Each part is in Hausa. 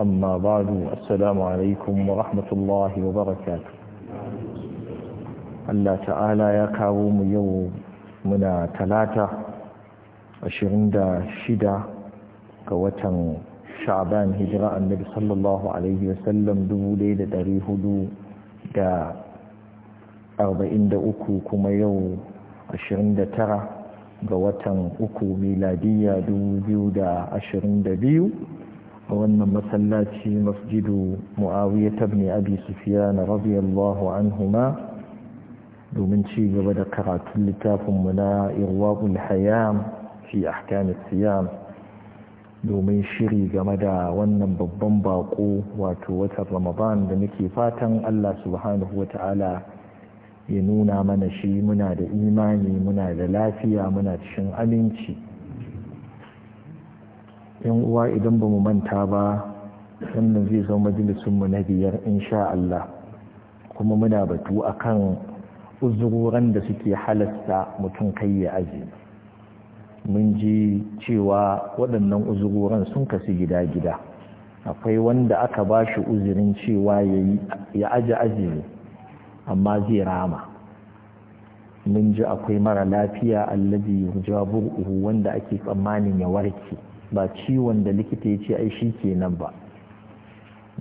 أما بعد السلام عليكم ورحمة الله وبركاته Allah ta'ala ya kawo mu yau muna talata 26 ga watan sha'ban hijira annabi sallallahu alaihi wasallam 1443 kuma yau 29 ga watan uku miladiyya 2022 a wannan masallaci masjidu mu'awiyya tabni abi sufyan radiyallahu anhuma domin ci gaba da karatun littafinmu na irwaqul hayam fi ahkam siyam domin shiri game da wannan babban bako wato watan ramadan da muke fatan allah subhanahu wata'ala ya nuna mana shi muna da imani muna da lafiya muna cikin aminci yan uwa idan ba mu manta ba sannan zai zama majalisunmu na biyar insha Allah kuma muna batu a kan uzuroran da suke halasta mutum kai ya azumi mun ji cewa waɗannan uzuroran sun kasu gida-gida akwai wanda aka ba shi uzurin cewa ya aji azumi amma zai rama mun ji akwai mara lafiya allabi yurja wanda ake tsammanin ya warke ba ciwon da likita ya ce ai shi kenan ba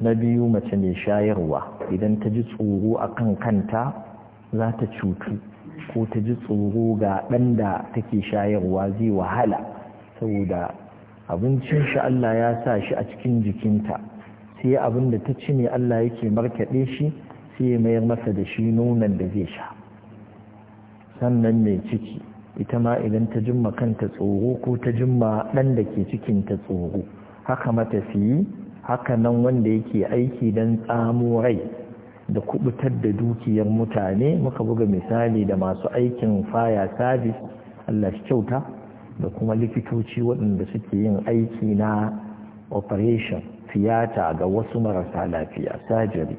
na biyu mace mai shayarwa idan ta ji tsoro a kan kanta za ta cutu ko ta ji tsoro ga ɗan da take shayarwa zai wahala saboda abincin shi Allah ya sa shi a cikin jikinta sai abin da ta ci ne Allah yake markaɗe shi sai ya mayar masa da shi nonon da zai sha sannan mai ciki ita ma idan ta jimma kanta tsoro ko ta jimma ɗan da ke cikin ta tsoro haka matafiyi haka nan wanda yake aiki don tsamo rai da kubutar da dukiyar mutane muka buga misali da masu aikin faya service Allah shi kyauta da kuma likitoci waɗanda suke yin aiki na operation fiyata ga wasu marasa lafiya surgery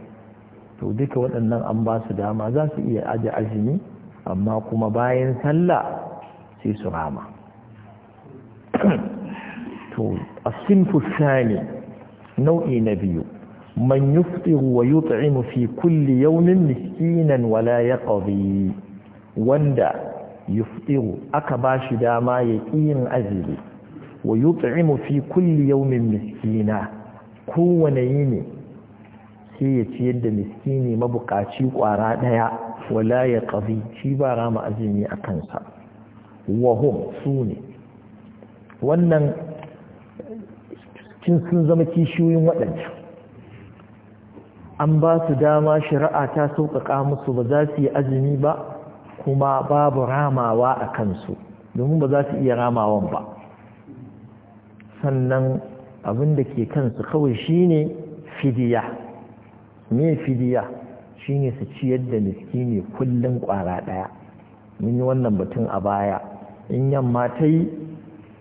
to duka waɗannan an ba su dama za su iya aje azumi amma kuma bayan sallah sai su rama to asinfu sani nau'i na biyu man yufɗiru wa yut'imu fi kulli yawmin miskinan wala yaqdi wanda yufɗiru aka bashi dama ya yin azumi wa yut'imu fi kulli yawmin miskina kowane yini sai ya ciyar da miskini mabukaci kwara ɗaya. wala ya yaqdi shi ba rama azumi a kansa wahum su ne wannan cin sun zama kishiyoyin waɗancan an ba su dama shari'a ta sauƙaƙa musu ba za su yi azumi ba kuma babu ramawa a kansu domin ba za su iya ramawan ba sannan abin da ke kansu kawai shine fidiya me fidiya shine su ciyar da miskini kullum ƙwara ɗaya mun yi wannan batun a baya in yamma ta yi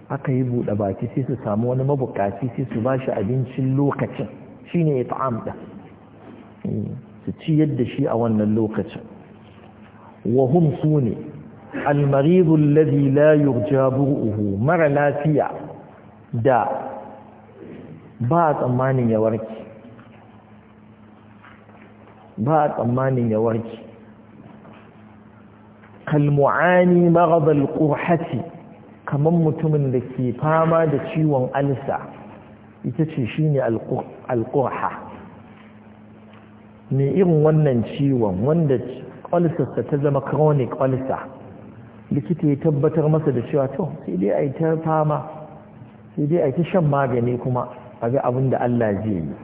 aka yi buɗe baki sai su samu wani mabukaci sai su ba shi abincin lokacin shi ne ya ta'am eh, su ciyar da shi a wannan lokacin wahum su ne almarizu alladhi la yurja bu'uhu mara lafiya da ba a tsammanin ba a tsammanin ya warke kalmu'ani maghadal quhati kaman mutumin da ke fama da ciwon alsa ita ce shine alqurha ne irin wannan ciwon wanda alsarsa ta zama chronic alsa likita ya tabbatar masa da cewa to sai dai a ta fama sai dai ai ta shan magani kuma a ga abin da Allah zai yi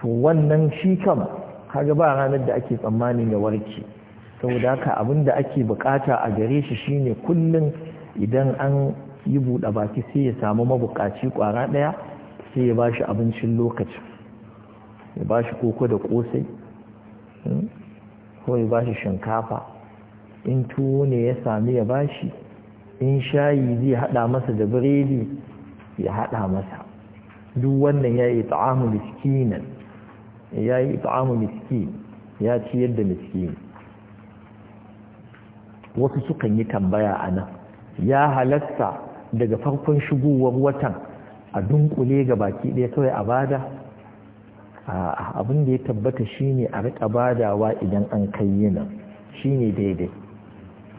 to wannan shi kam kaga ba ranar da ake tsammanin ya warke saboda haka abin da ake bukata a gare shi shine kullum idan an yi buɗe baki sai ya samu mabukaci kwara ɗaya sai ya bashi abincin lokacin ya bashi koko da kosai hmm, ko ya bashi shinkafa in tuwo ne ya sami ya bashi in shayi zai hada masa da biredi ya hada masa duk wannan ya yi ta'amu miskinan ya yi ta'amu miskin ya ciyar da miskin wasu sukan yi tambaya a nan ya halatta daga farkon shigowar watan a dunkule ga baki ɗaya kawai a bada abin da ya tabbata shine a riƙa badawa idan an kai yinan shine daidai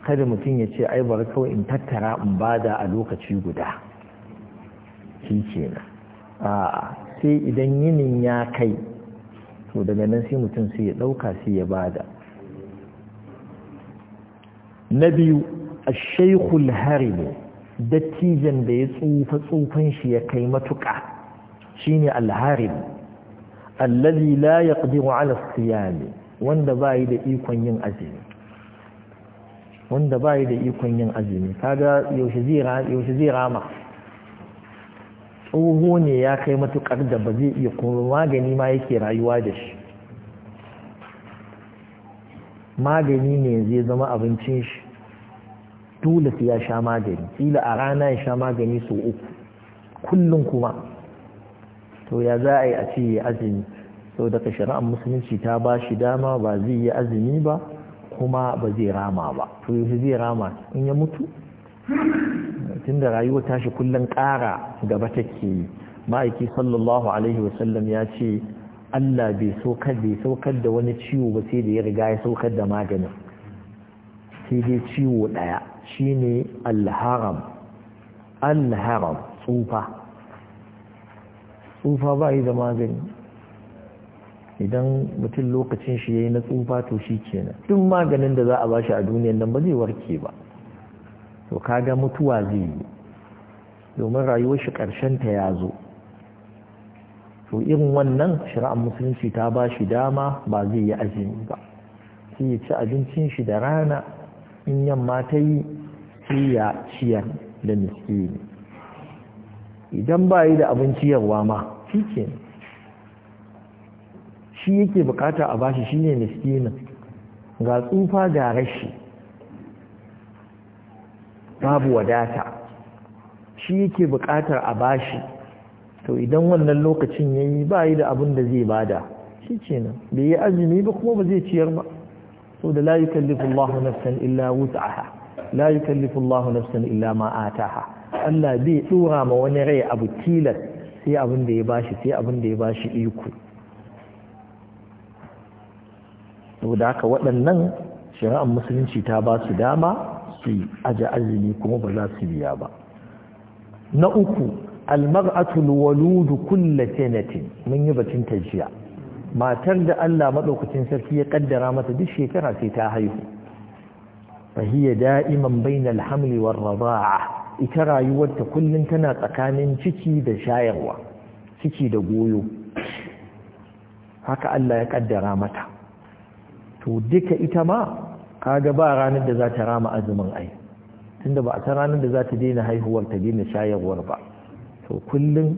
kada mutum ya ce ai bari kawai in tattara in bada a lokaci guda shi kenan a sai idan yinin ya kai to daga nan sai mutum sai ya ɗauka sai ya bada na biyu a shaikul haribu dattijan da ya tsufa tsufan shi ya kai matuƙa shine alharib allazi la wa ala siyami wanda yi da ikon yin azini wanda yi da ikon yin azini kaga yaushe zai rama tsoho ne ya kai matukar da ba zai iya kuma magani ma yake rayuwa da shi magani ne zai zama abincin shi dole ya sha magani kila a rana ya sha magani sau uku kullum kuma to ya za a yi a ce ya azumi sau daga shari'ar musulunci ta ba shi dama ba zai yi azumi ba kuma ba zai rama ba to yi zai rama in ya mutu tun da rayuwa tashi kullum ƙara gaba take yi ma'aiki sallallahu alaihi wasallam ya ce Allah bai saukar bai saukar da wani ciwo ba sai da ya riga ya saukar da maganin sai dai ciwo ɗaya shine alharam alharam tsufa tsufa ba yi da magani idan mutum lokacin shi ya yi na tsufa to shi kenan duk maganin da za a bashi a duniyan nan ba zai warke ba to kaga mutuwa zai yi domin rayuwar shi ƙarshen ta ya zo to irin wannan shari'ar musulunci ta ba shi dama ba zai yi azumi ba sai ya ci abincin shi da rana in yamma ta yi sai ya ciyar da miskini idan ba yi da abinci ciyarwa ma shi ke shi yake bukata a bashi shi ne miskinin ga tsufa ga rashi babu wadata shi yake bukatar a bashi to idan wannan lokacin ya yi ba yi da abin da zai bada shi ce nan bai yi azumi ba kuma ba zai ciyar ba so da la yukallifu Allahu nafsan illa ha la yukallifu Allahu nafsan illa ma ataha Allah bai tsura ma wani rai abu tilas sai abin da ya bashi sai abin da ya bashi iko da haka waɗannan shari'ar musulunci ta ba su dama su aje azumi kuma ba za su biya ba na uku almar'atul waludu kulla mun yi batun tajiya matar da Allah madaukakin sarki ya kaddara mata duk shekara sai ta haihu fahiya da'iman bainal hamli war rida'a ita rayuwarta kullum tana tsakanin ciki da shayarwa ciki da goyo haka Allah ya kaddara mata to duka ita ma kaga ba ranar da za ta rama azumin ai tunda ba a ta ranar da za ta daina haihuwar ta daina shayarwar ba to kullum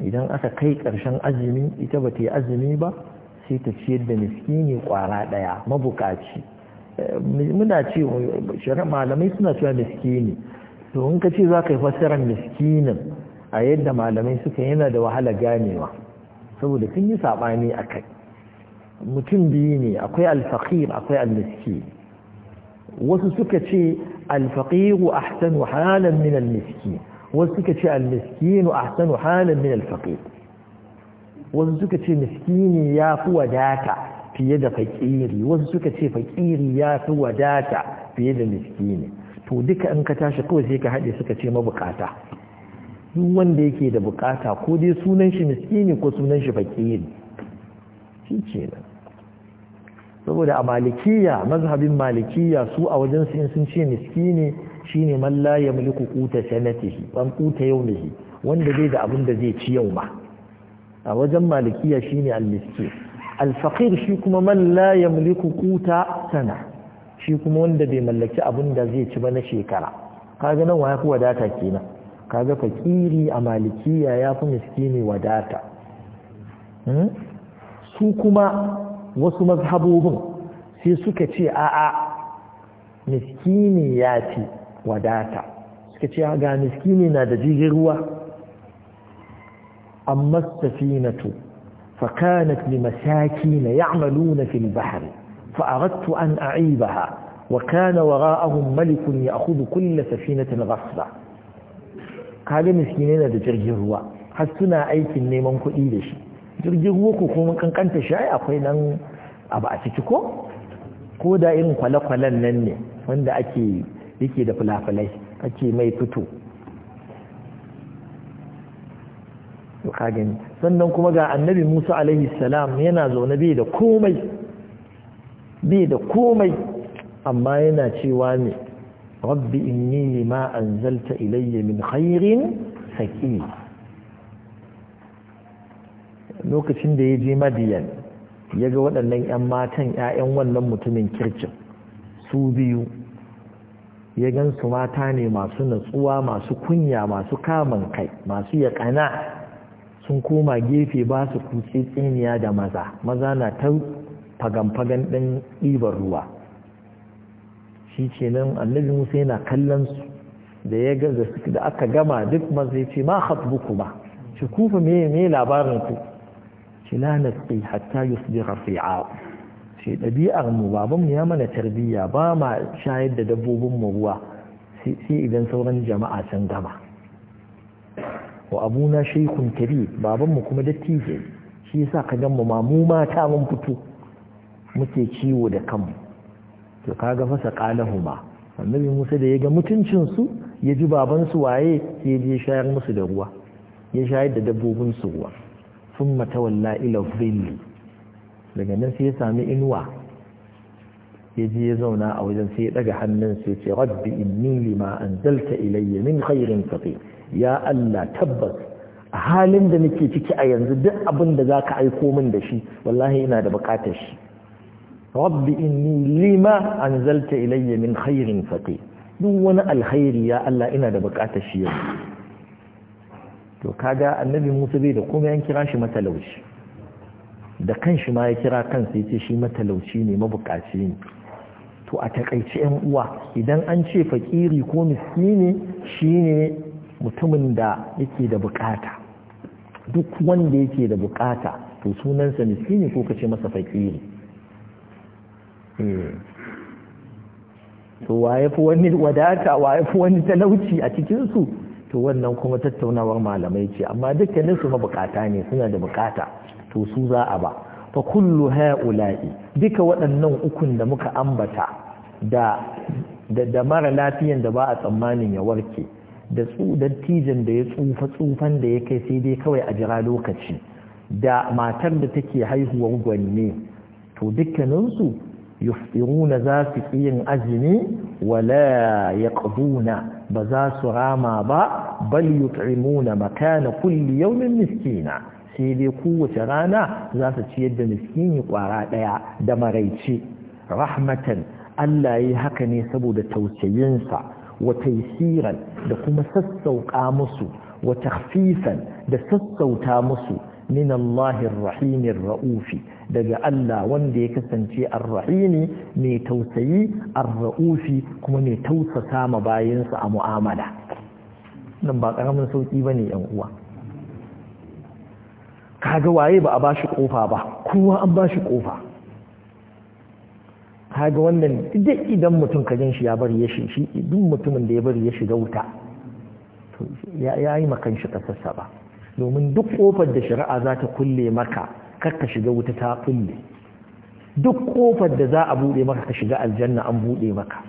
idan aka kai ƙarshen azumi ita ba ta yi azumi ba sai ta ciyar da miskini ƙwara ɗaya mabukaci eh, muna ce malamai suna cewa miskini to in ka ce za ka yi fassarar miskinin a yadda malamai suka yana da wahala ganewa saboda sun yi saɓani a kai mutum biyu ne akwai alfaƙir akwai almiski wasu suka ce alfaƙiru ahsanu halan min almiski wasu suka ce almiskinu ahsanu halin min alfaqir wasu suka ce miskini ya fi wadata fiye da fakiri wasu suka ce fakiri ya fi wadata fiye da miskini to duka an ka tashi kawai sai ka haɗe suka ce mabukata duk wanda yake da bukata ko dai sunan shi miskini ko sunan shi fakiri shi ce nan saboda a malikiya mazhabin malikiya su a wajen in sun ce miskini Shi ne malla ya yamliku kuta sanatihi ban yau ne wanda zai da abin da zai ci yau ma a wajen malikiya shi al-miskin al-faqir shi kuma malla ya yamliku kuta sana shi kuma wanda bai mallaki abin da zai ci ba na shekara kaga nan waya kuwa data kenan kaga fakiri a malikiya ya fi miskini wadata hmm? su kuma wasu mazhabobin sai suka ce a'a miskini ya fi wadata suka ce ah, ga miskini na da jirgin ruwa amma safinatu fa kanat li masakina ya'maluna fil bahr fa aradtu an a'ibaha wa kana wara'ahum malik ya'khudhu kull safinatin ghasba kaga miskinai na da jirgin ruwa har suna aikin neman kuɗi da shi jirgin ruwa ko kuma kankanta shi akwai nan abu a ciki ko ko da irin kwale-kwalen nan ne wanda ake yake da fulafulai ake mai fito sannan kuma ga annabi musa alaihi salam yana zaune bai da komai bai da komai amma yana cewa ne rabbi inni lima anzalta ilayya min khairin saqi lokacin da ya je madiyan ya ga waɗannan 'yan matan 'ya'yan wannan mutumin kirkin su biyu ya gan su mata ne masu natsuwa masu kunya masu kamun kai masu yaƙana sun koma gefe ba su kutse tsiniya da maza maza na ta fagan-fagan ɗin ɗibar ruwa shi ce nan annabi musa yana kallon su da ya gaza da aka gama duk maza ya ce ma hatbu kuma shi kufa me labarin ku shi la hatta yusbira fi'a sai ɗabi'ar mu babanmu ya mana tarbiyya ba ma shayar da dabbobin mu ruwa sai idan sauran jama'a sun gama wa abuna shaykhun kabi babanmu kuma dattijo shi yasa ka gan mu ma mu mata mun fito muke ciwo da kanmu to kaga fasa qalahuma annabi Musa da ya ga mutuncin su ya ji babansu waye sai ya shayar musu da ruwa ya shayar da dabbobin su ruwa summa tawalla ila dhilli daga nan sai ya sami inuwa ya je ya zauna a wajen sai ya daga hannun sai ce rabbi inni lima ilayya min khairin ya Allah tabbas a halin da nake ciki a yanzu duk abin da zaka aiko min da shi wallahi ina da bukatar shi rabbi inni lima ilayya min khairin duk wani alkhairi ya Allah ina da bukatar shi yanzu to kaga annabi Musa bai da komai an kira shi matalauci da kanshi ma ya kira kansa ya ce shi matalauci ne mabukaci ne to a takaice yan uwa idan an ce fakiri ko miskini shine mutumin da yake da bukata duk wanda yake da bukata to sunansa miskini ko kace masa fakiri eh. to waye fi wani wadata waye fi wani talauci a cikin su to wannan kuma tattaunawar malamai ce amma dukkanin su mabukata ne suna da bukata to su za a ba fa kullu ha'ula'i duka waɗannan ukun da muka ambata da da mara lafiyan da ba a tsammanin ya warke da dattijan da ya tsufa tsufan da ya kai sai dai kawai a jira lokaci da matar da take haihuwar gwanne to dukkaninsu yufiruna za su yin azumi wala ya ba za su rama ba bal yut'imuna makana kulli yawmin miskina sai dai kowace rana za su ciyar da miskini kwara ɗaya da maraice rahmatan Allah yi haka ne saboda tausayinsa wa taisiran da kuma sassauƙa musu wa takhfifan da sassauta musu min Allahir rahimir ra'ufi daga Allah wanda ya kasance ar-rahimi mai tausayi an raufi kuma mai tausasa ma bayinsa a mu'amala nan ba ƙaramin sauƙi bane yan uwa kaga waye ba a ba shi kofa ba kowa an ba shi kofa kaga wannan duk idan mutum ka gan shi ya bari ya shi duk mutumin da ya bari ya shiga wuta to ya yi makan shi kasarsa ba domin duk kofar da shari'a za ta kulle maka kar ka shiga wuta ta kulle duk kofar da za a buɗe maka ka shiga aljanna an buɗe maka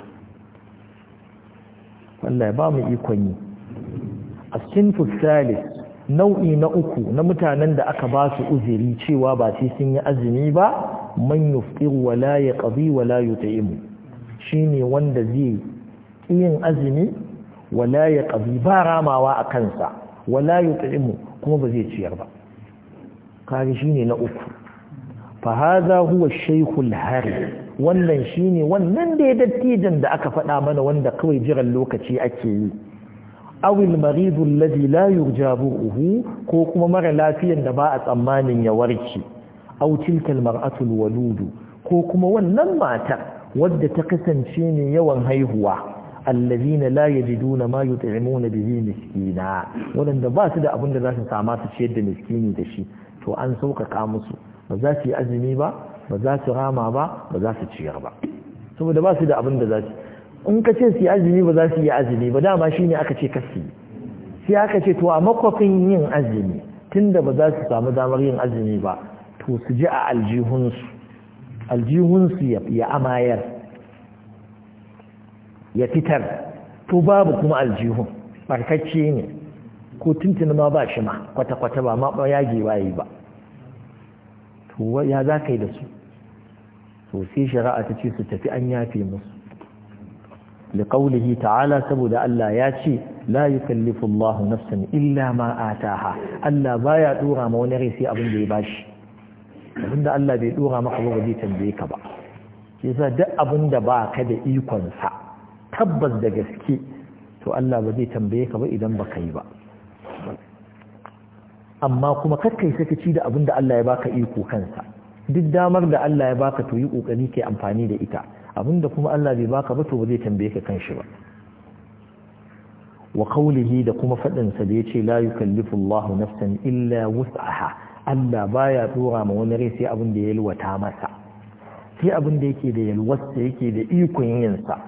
wallahi ba mu ikon yi a cikin fusalis nau'i na uku na mutanen da aka ba su uzuri cewa ba sai sun yi azumi ba man yuftiru wala yaqdi wala shine wanda zai yin azumi wala yaqdi ba ramawa a kansa wala la kuma ba zai ciyar ba kage shine na uku fa hadha huwa shaykhul hari wannan shine wannan da dattijan da aka faɗa mana wanda kawai jiran lokaci ake yi awil maridu alladhi la yurja uhu ko kuma mara lafiyan da ba a tsammanin ya warke aw kalmar atul waludu, ko kuma wannan mata wadda ta kasance ne yawan haihuwa allazina la yajiduna ma yut'imuna bihi miskina wanda ba su da abin da za su sama su ciyar da miskini da shi to an sauƙaƙa musu ba za su yi azumi ba ba za su rama ba ba za su ciyar ba saboda ba su da abin da za su in ka ce su yi azumi ba za su yi azumi ba dama shi ne aka ce kasi sai aka ce to a makwafin yin azumi tunda ba za su samu damar yin azumi ba to su ji a aljihunsu aljihunsu ya amayar ya fitar to babu kuma aljihun barkacce ne ko tuntuni ma ba shi ma kwata-kwata ba ma yage waye ba to ya za ka yi da su to sai shari'a ta ce su tafi an yafe musu لقوله تعالى سبود ألا ياتي لا يكلف الله نفسا الا ما اتاها الا با بايا دورا وني سي أبن دي باشي ابن ده الله بي دورا ما مقبوغ دي تنبيك با كيسا ده ابن ده با كد ايكون سا تبز ده غسكي تو الله بدي تنبيك با إذن بكاي با amma kuma kakka yi sakaci da abin da Allah ya baka iko kansa duk damar da Allah ya baka to yi kokari ke amfani da ita abinda kuma Allah bai baka ba to ba zai tambaye ka kanshi ba wa qawlihi da kuma fadin sa da yace la yukallifu Allahu nafsan illa wus'aha Allah baya dora ma wani rai sai abin da ya yalwata masa sai abin da yake da yalwata yake da ikon yin sa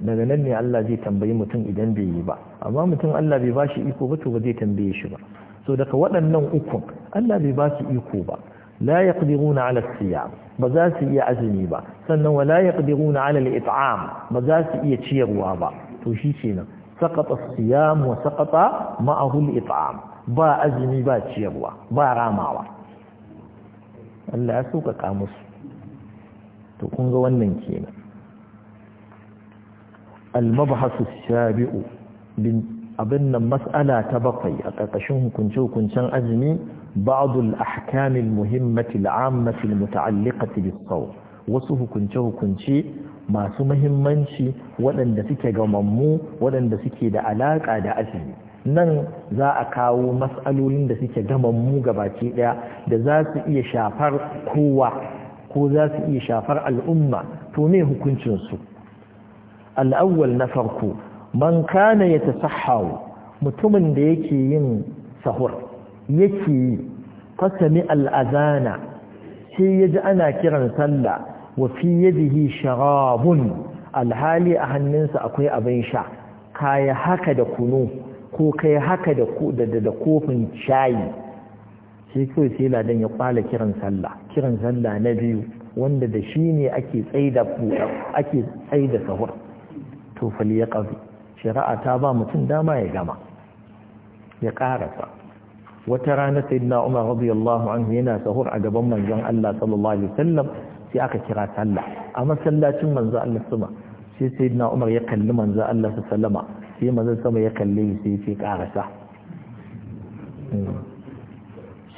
daga nan ne Allah zai tambayi mutum idan bai yi ba amma mutum Allah bai bashi iko ba to ba zai tambaye shi ba so daga waɗannan ukun Allah bai basu iko ba la yaqdiruna ala siyam ba za su iya azumi ba sannan wala yaqdiruna ala alal itam ba za su iya ciyarwa ba to shi kenan saqata as-siyam wa saqata ma'ahu itam ba azumi ba ciyarwa ba ramawa Allah ya sauƙaƙa musu to kun ga wannan kenan al-mabhasu shabi'u bin abin nan mas'ala ta bakwai a ƙarƙashin hukunce-hukuncen azumi بعض الأحكام المهمة العامة المتعلقة بالصوم wasu hukunce-hukunce masu سمهم waɗanda suke gamamu waɗanda suke da alaƙa da أسمي nan za a kawo matsalolin da suke gamammu gabaci ɗaya da za su iya shafar kowa ko za su iya shafar al'umma to me hukuncinsu al'awwal na farko man kana ya mutumin da yake yin sahur yake yi fasami al'azana sai ya ji ana kiran salla wa fi yadihi sharabun alhali a hannunsa akwai abin sha kaya haka da kunu ko kai haka da kofin shayi sai kawai sai ladan ya kwala kiran salla kiran salla na biyu wanda da shi ne ake tsaida ake sahur tofali ya ya shari'a ta ba mutum dama ya gama ya karasa wata rana sayyidina Umar radiyallahu anhu yana sahur a gaban manzon Allah sallallahu alaihi wasallam sai aka kira sallah a masallacin manzon Allah Suma, sai sayyidina Umar ya kalli manzon Allah sallama sai manzon sama ya kalle sai ya karasa hmm.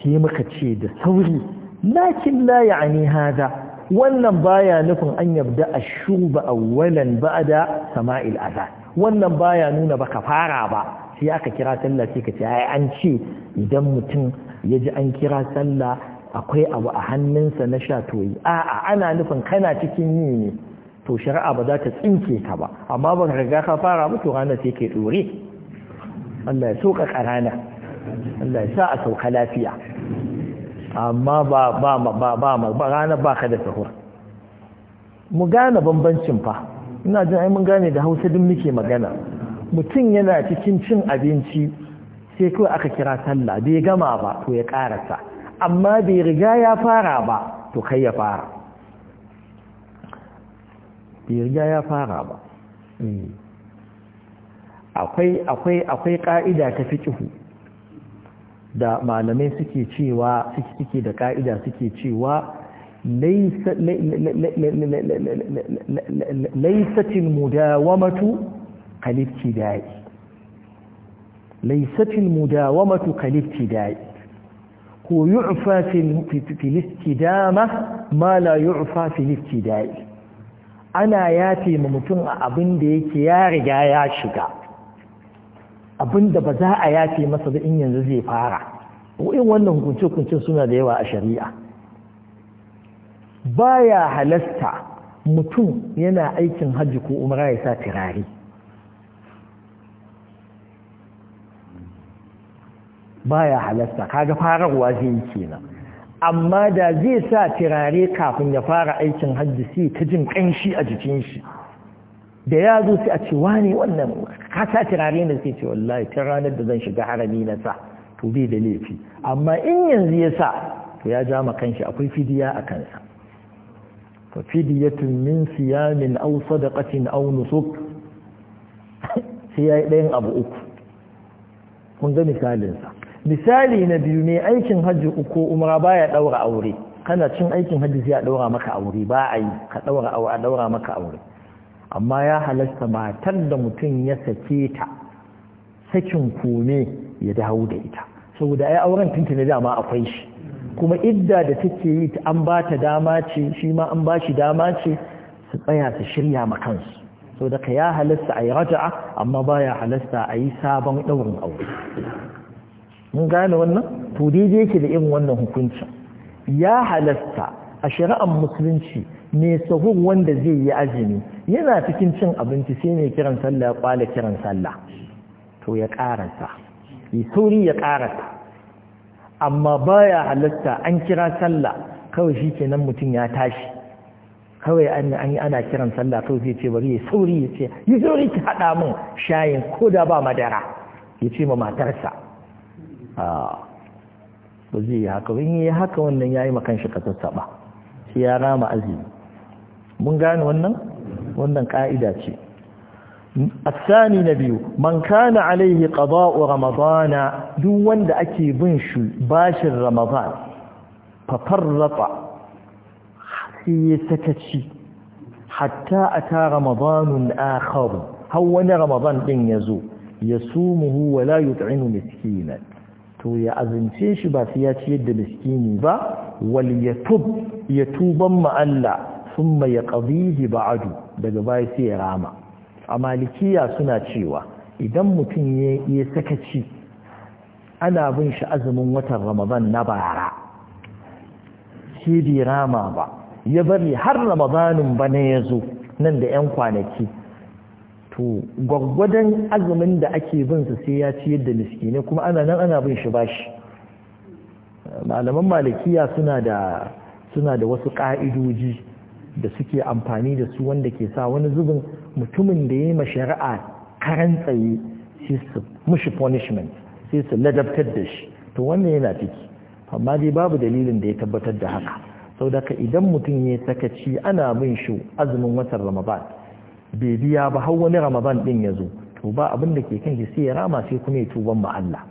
sai muka ce da sauri lakin la ya'ni hada wannan baya nufin an yabda ashuba awwalan ba'da sama'il azan wannan baya nuna baka fara ba sai aka kira sallah sai ka ce ai an ce idan mutum ya ji an kira sallah akwai abu a hannunsa na sha toyi a'a ana nufin kana cikin yi ne to shari'a ba za ta tsinke ka ba amma ba riga ka fara ba to ranar sai ke dore Allah ya soka karana Allah ya sa a sauka lafiya amma ba ba ba ba ba ranar ba ka da sahur mu gane bambancin fa ina jin ai mun gane da hausa duk muke magana mutum yana cikin cin abinci sai kawai aka kira sallah bai gama ba to ya karasa amma bai riga ya fara ba to kai ya fara bai riga ya fara ba akwai akwai akwai ka'ida ta da malamai suke cewa suke da ka'ida suke cewa laysa laysa mudawamatu kalibtida'i laisatil mudawamatu kalibtida'i ko yu'fa fil istidama ma la yu'fa fil ibtida'i ana yafe ma mutum a abin da yake ya riga ya shiga abin da ba za a yafe masa da in yanzu zai fara in wannan hukunce suna da yawa a shari'a baya halasta mutum yana aikin hajji ko umara ya sa tirare baya halasta kaga fararwa zai yi kenan amma da zai sa tirare kafin ya fara aikin hajji sai ta jin kanshi a jikin shi da ya zo sai a ce wane wannan ka sa tirare ne sai ce wallahi tun ranar da zan shiga harami na sa to bai da laifi amma in yanzu ya sa to ya ja kanshi akwai fidiya a kansa fa fidiyatun min siyamin aw sadaqatin aw nusuk sai ya yi ɗayan abu uku kun ga misalin sa misali na biyu ne aikin hajji uku umara baya daura aure kana cin aikin hajji sai a daura maka aure ba a yi ka daura a daura maka aure amma ya halasta matar da mutum ya sake ta sakin kome ya dawo da ita saboda ai auren tinta tuntuni dama akwai shi kuma idda da take yi ta an ba ta dama ce shi ma an ba shi dama ce su tsaya su shirya ma kansu saboda ka ya halasta a yi raja'a amma baya halasta a yi sabon daurin aure mun gane wannan to daidai yake da irin wannan hukunci ya halasta a shari'ar musulunci ne sahur wanda zai yi azumi yana cikin cin abinci sai mai kiran sallah ya kwala kiran sallah to ya karanta yi sauri ya karanta amma baya halasta an kira sallah kawai shi kenan mutum ya tashi kawai an yi ana kiran sallah kawai zai ce bari ya sauri ya ce yi sauri ki haɗa min shayin ko da ba madara ya ce ma matarsa ba zai yi haka wani yi haka wannan ya yi makan shi katatta ba shi ya rama azumi mun gani wannan wannan ƙa'ida ce a sani na biyu mankana alaihi ƙaba'u ramazana duk wanda ake bin shi bashin ramazan fafar rafa sai ya sakaci hatta a ta ramazanun akharu hau wani ramazan ɗin ya zo ya su muhu wa layu ta'inu miskinan to ya azince shi ba sai ya ciyar da miskini ba wal ya tuban ma Allah ya ba ba'du daga baya sai ya rama a malikiya suna cewa idan mutum ya yi sakaci ana bin shi azumin watan ramadan na bara shi bai rama ba ya bari har ramadanin bana ya zo nan da 'yan kwanaki to gwaggwadon azumin da ake bin su sai ya ciyar da miskinai kuma ana nan ana bin shi bashi malaman malikiya suna da suna da wasu ka'idoji da suke amfani da su wanda ke sa wani zubin mutumin da ya yi shari'a karan tsaye sai su mushi punishment sai su ladabtar da shi to wannan yana ciki amma dai babu dalilin da ya tabbatar da haka sau daga idan mutum ya sakaci ana bin shi azumin watan ramadan bai biya ba har wani ramadan din ya zo to ba abin da ke kan shi sai ya rama sai kuma ya tuban ma Allah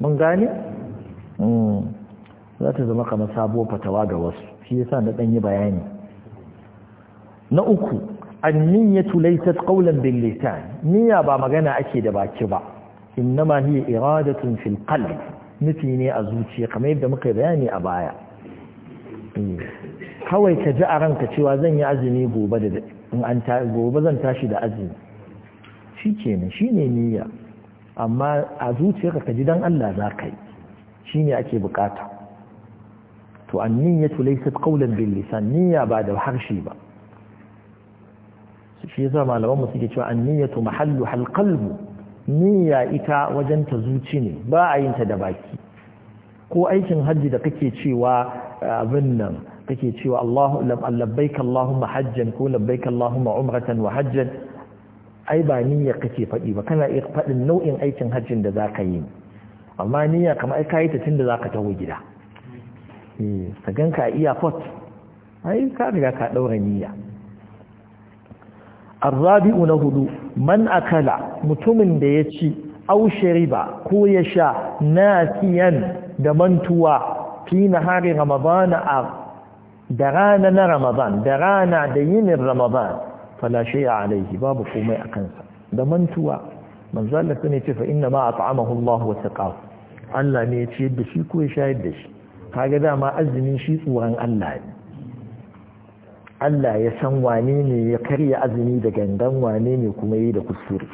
mun gane hmm. za ta zama kamar sabuwar fatawa ga wasu shi yasa na dan yi bayani na uku anniyatu laysat qawlan bil lisan niyya ba magana ake da baki ba innama hi iradatun fil qalbi nufi ne a zuciya kamar yadda muka bayani a baya hmm. kawai ka ji a ranka cewa zan yi azumi gobe da in an ta gobe zan tashi da azumi shi kenan shi ne niyya amma a zuciya ka kaji dan Allah za ka yi shi ne ake bukata to an tu laysat qawlan bil lisan niyya ba da harshe ba shi yasa malaman mu suke cewa an niyyatu mahallu hal qalbu niyya ita wajen ta zuci ne ba a yin ta da baki ko aikin hajji da kake cewa abin nan kake cewa Allahu labbaika Allahumma hajjan ko labbaika Allahumma umratan wa hajjan ai ba niyya kake faɗi ba kana iya faɗin nau'in aikin hajjin da zaka yi amma niyya kamar ai kai ta tunda zaka taho gida eh ka ganka a airport ai ka riga ka daura niyya man الرابع نهدو من أكل متمن ko ya sha Nasiyan da mantuwa, دمنتوا في نهار رمضان da rana na ramadan da rana da yinin ramadan fala a alaihi babu komai a kansa da mantuwa manzala su ne ce fa inna ma at'amahu Allah wa saqahu Allah ne ya ce da shi ko ya shayar da shi kaga dama azumin shi tsoron Allah ne Allah ya san wane ne ya karya azumi da gandan wane ne kuma yi da kuskure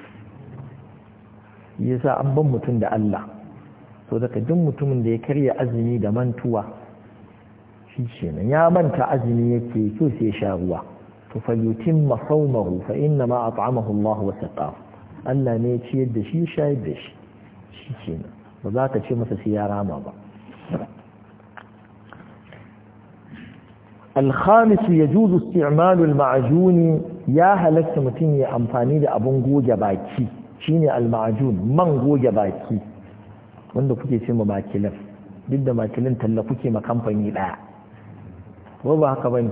yasa an ban mutum da Allah so daga duk mutumin da ya karya azumi da mantuwa shi kenan ya manta azumi yake so sai sha ruwa to fa yutimma sawmahu fa inna ma at'amahu Allah wa saqahu Allah ne ya ciyar da shi shayar da shi shi ba za ka ce masa sai ya rama ba Alkhamisu الخامس يجوز استعمال ya يا mutum ya yi amfani da abun goge baki shine almajun man goge baki wanda kuke ce ma makilin duk da makilin talla kuke ma kamfani ɗaya. ko ba haka bane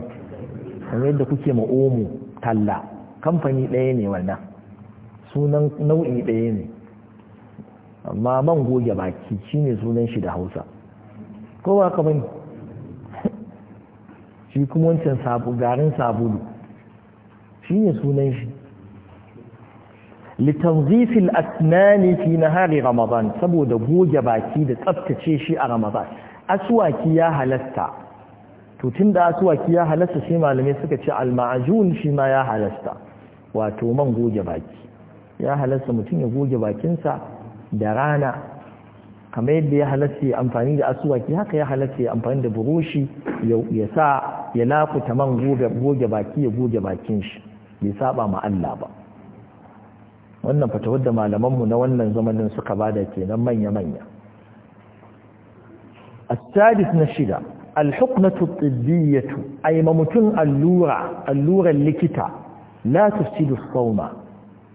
kamar yadda kuke ma omo talla kamfani ɗaya ne wannan sunan nau'i ɗaya ne amma man goge baki shine sunan shi da hausa ko ba haka bane shi kuma wancan garin sabulu shi ne sunan shi لتنظيف asnani في نهار رمضان saboda goge baki da tsaftace shi a ramadan aswaki ya halatta to tun da asuwaki ya halasta shi malamai suka ce alma'ajun shi ma ya halasta wato man goge baki ya halasta mutum ya goge bakinsa da rana kamar yadda ya halasta ya amfani da asuwaki haka ya halasta ya amfani da burushi ya sa ya lakuta man goge baki ya goge bakin shi bai saba ma Allah ba wannan fatawar da malamanmu na wannan zamanin suka bada kenan manya-manya A السادس na shida. alhukmatu tibbiyatu ay ma mutum allura alluran likita la da sauma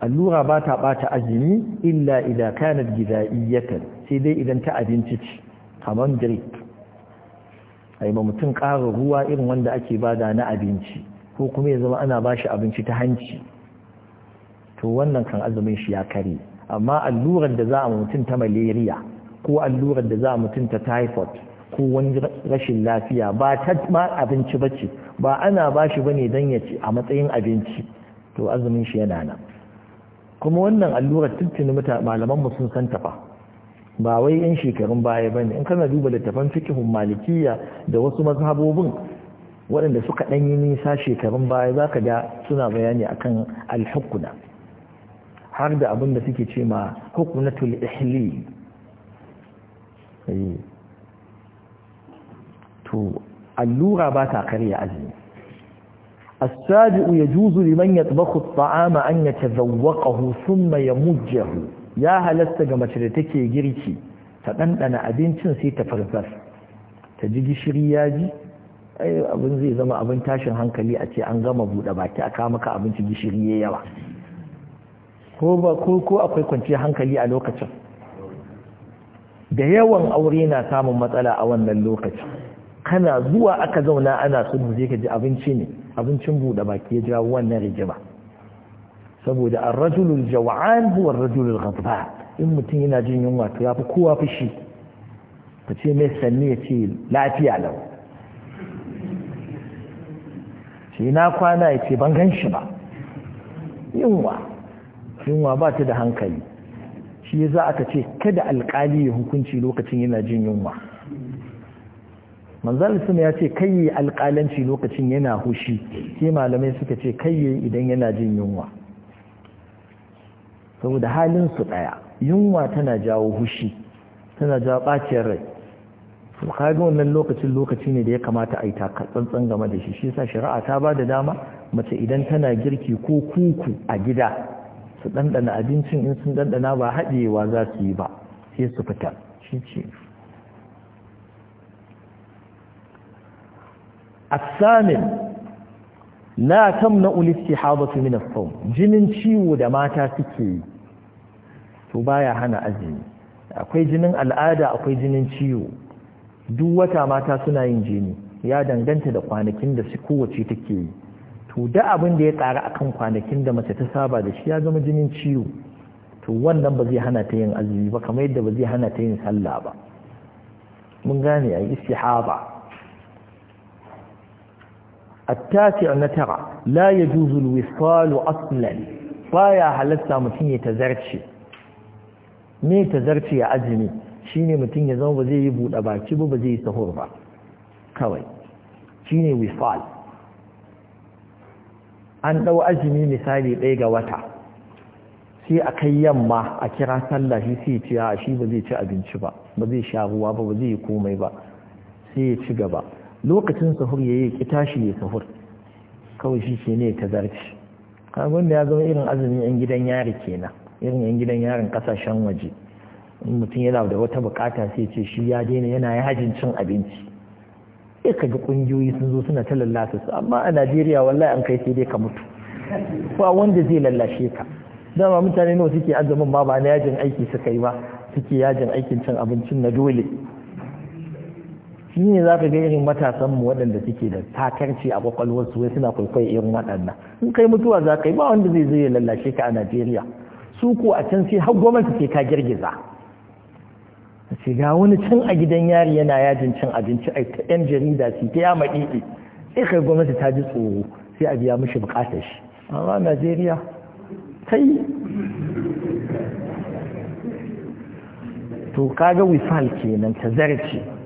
allura ba ta ɓata azumi illa idza kanat gidaiyatan sai dai idan ta abinci ce kamar drink ai ma mutum ƙara ruwa irin wanda ake bada na abinci ko kuma ya zama ana bashi abinci ta hanci to wannan kan azumin shi ya kare amma allurar da za a mutum ta malaria ko allurar da za a mutum ta typhoid ko wani rashin lafiya ba ta ma abinci bace ba ana bashi bane dan ya ci a matsayin abinci to azumin shi yana nan kuma wannan allurar tuntuni malaman mu sun santa fa ba wai yan shekarun baya bane in kana duba littafan fiqhun malikiyya da wasu mazhabobin waɗanda suka ɗan yi nisa shekarun baya za ka ga suna bayani akan alhukuna har da abin da suke ce ma hukunatul ihli eh. to allura ba ta karya azumi yajuzu liman yatbakhu at-ta'ama an yatazawwaqahu thumma yamujjahu ya halasta ga mace da take girki ta ɗanɗana abincin sai ta farfar ta ji gishiri ya ji abin zai zama abin tashin hankali a ce an gama buɗe baki a kama abinci gishiri ya yawa ko ba ko ko akwai kwanciyar hankali a lokacin da yawan aure na samun matsala a wannan lokacin kana zuwa aka zauna ana sulhu zai ka ji abinci ne abincin buɗe baki ya jawo wannan rigima saboda an rajulun jawa'an huwa rajulun rajulul in mutum yana jin yunwa to fi kowa fushi ta ce mai sanni ya ce lafiya lau shi na kwana ya ce ban gan shi ba yunwa yunwa ba ta da hankali shi za aka ce kada alkali ya hukunci lokacin yana jin yunwa manzal sun ya ce kai yi alƙalanci lokacin yana hushi sai malamai suka ce kai yi idan yana jin yunwa saboda halin su ɗaya yunwa tana jawo hushi tana jawo ɓaciyar rai su kaga wannan lokacin lokaci ne da ya kamata a yi tsantsan game da shi shi sa shari'a ta ba da dama mace idan tana girki ko kuku a gida su ɗanɗana abincin in sun ɗanɗana ba haɗewa za su yi ba sai su fita shi ce الثامن لا تمنع الاستحاضة من الصوم جنن ciwo da mata suke yi to baya hana azumi akwai jinin al'ada akwai jinin ciwo duk wata mata suna yin jini ya danganta da kwanakin da kowace take yi to da abin da ya tsara akan kwanakin da mace ta saba da shi ya zama jinin ciwo to wannan ba zai hana ta yin azumi ba kamar yadda ba zai hana ta yin sallah ba mun gane a istihaba التاسع نترى لا يجوز الوصال أصلا بايا حلسة متين يتزرشي مي تزرشي يا أزمي شيني متين يزن وزي يبود أبا كيبو بزي سهور با كوي شيني وصال an ɗau azumi misali ɗaya ga wata sai a kai yamma a kira sallah shi sai ci a shi ba zai ci abinci ba ba zai sha ruwa ba ba zai komai ba sai ya ci gaba lokacin sahur ya yi tashi ya sahur kawai shi ce ne ta zarci kagun da ya zama irin azumin yan gidan yari kenan irin yan gidan yarin kasashen waje in mutum yana da wata bukata sai ce shi ya daina yana yajin cin abinci sai ka ga kungiyoyi sun zo suna ta lallasa su amma a najeriya wallahi an kai sai dai ka mutu ba wanda zai lallashe ka dama mutane nawa suke azumin ba ba na yajin aiki suka yi ba suke yajin aikin cin abincin na dole shi ne za ka ga irin matasanmu waɗanda suke da takarci a kwakwalwarsu wai suna kwaikwayo irin waɗannan in kai mutuwa za ka yi ba wanda zai zai ya lallashe ka a najeriya su ko a can sai har gwamnati ke ka girgiza sai ga wani can a gidan yari yana yajin cin abinci a ta yan jarida su ta yama ɗiɗi sai kai gwamnati ta ji tsoro sai a biya mishi bukatar shi amma najeriya ta yi to kaga wifal kenan ta zarce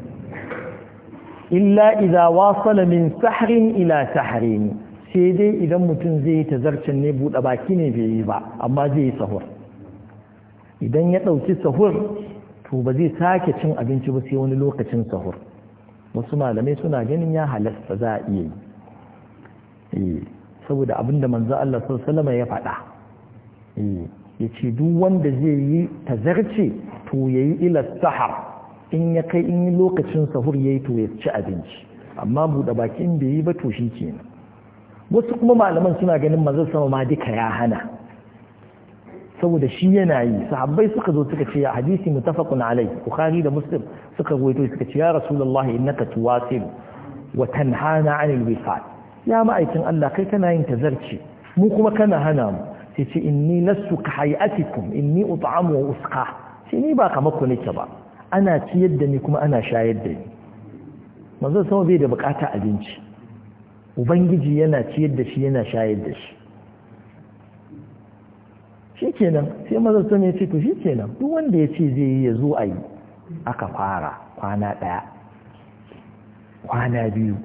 illa izawa wasala min sahrin ila sahrin sai dai idan mutum zai yi tazarcin ne buɗe baki ne bai yi ba amma zai yi sahur idan ya ɗauki sahur to ba zai sake cin abinci ba sai wani lokacin sahur wasu malamai suna ganin ya halasta za a iya yi eh, saboda abinda manzo Allah sallallahu ya faɗa eh, ya ce duk wanda zai yi tazarce to yayi ila sahar in ya kai in yi lokacin sahur ya yi to ya ci abinci amma buɗe baki in bai yi ba to shi wasu kuma malaman suna ganin mazan sama ma duka ya hana saboda shi yana yi sahabbai suka zo suka ce ya hadisi mutafaqun alai bukhari da muslim suka goyito suka ce ya rasulullah innaka tuwasil wa tanhana anil wisal ya ma'aikin Allah kai kana yin tazarci mu kuma kana hana mu sai ce inni lastu ka hayatikum inni ut'amu wa usqa sai ni ba kamar ku nake ba ana ciyar da ni kuma ana shayar da ni manzon sama bai da bukata abinci ubangiji yana ciyar da shi yana shayar da shi shi kenan sai manzon sama ya ce to shi kenan duk wanda ya ce zai yi ya zo a yi aka fara kwana ɗaya kwana biyu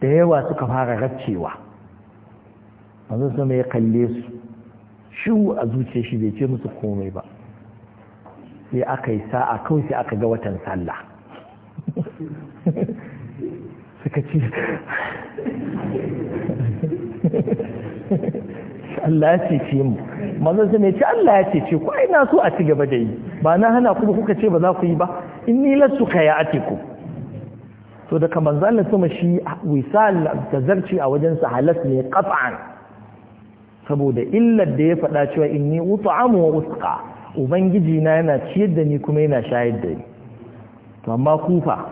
da yawa suka fara rafcewa manzon sama ya kalle su shi a zuciya shi bai ce musu komai ba sai aka yi sa'a kawai sai aka ga watan sallah suka ce Allah ya cece mu mazan su mai ce Allah ya cece ku ai na so a ci gaba da yi ba na hana kuma kuka ce ba za ku yi ba in ya lasu kayatiku da daga manzon Allah sama shi wisal zarci a wajen sa halas ne qat'an saboda illar da ya faɗa cewa in wuta ut'amu wa wuska ubangiji na yana ciyar da ni kuma yana shayar da ni to amma kufa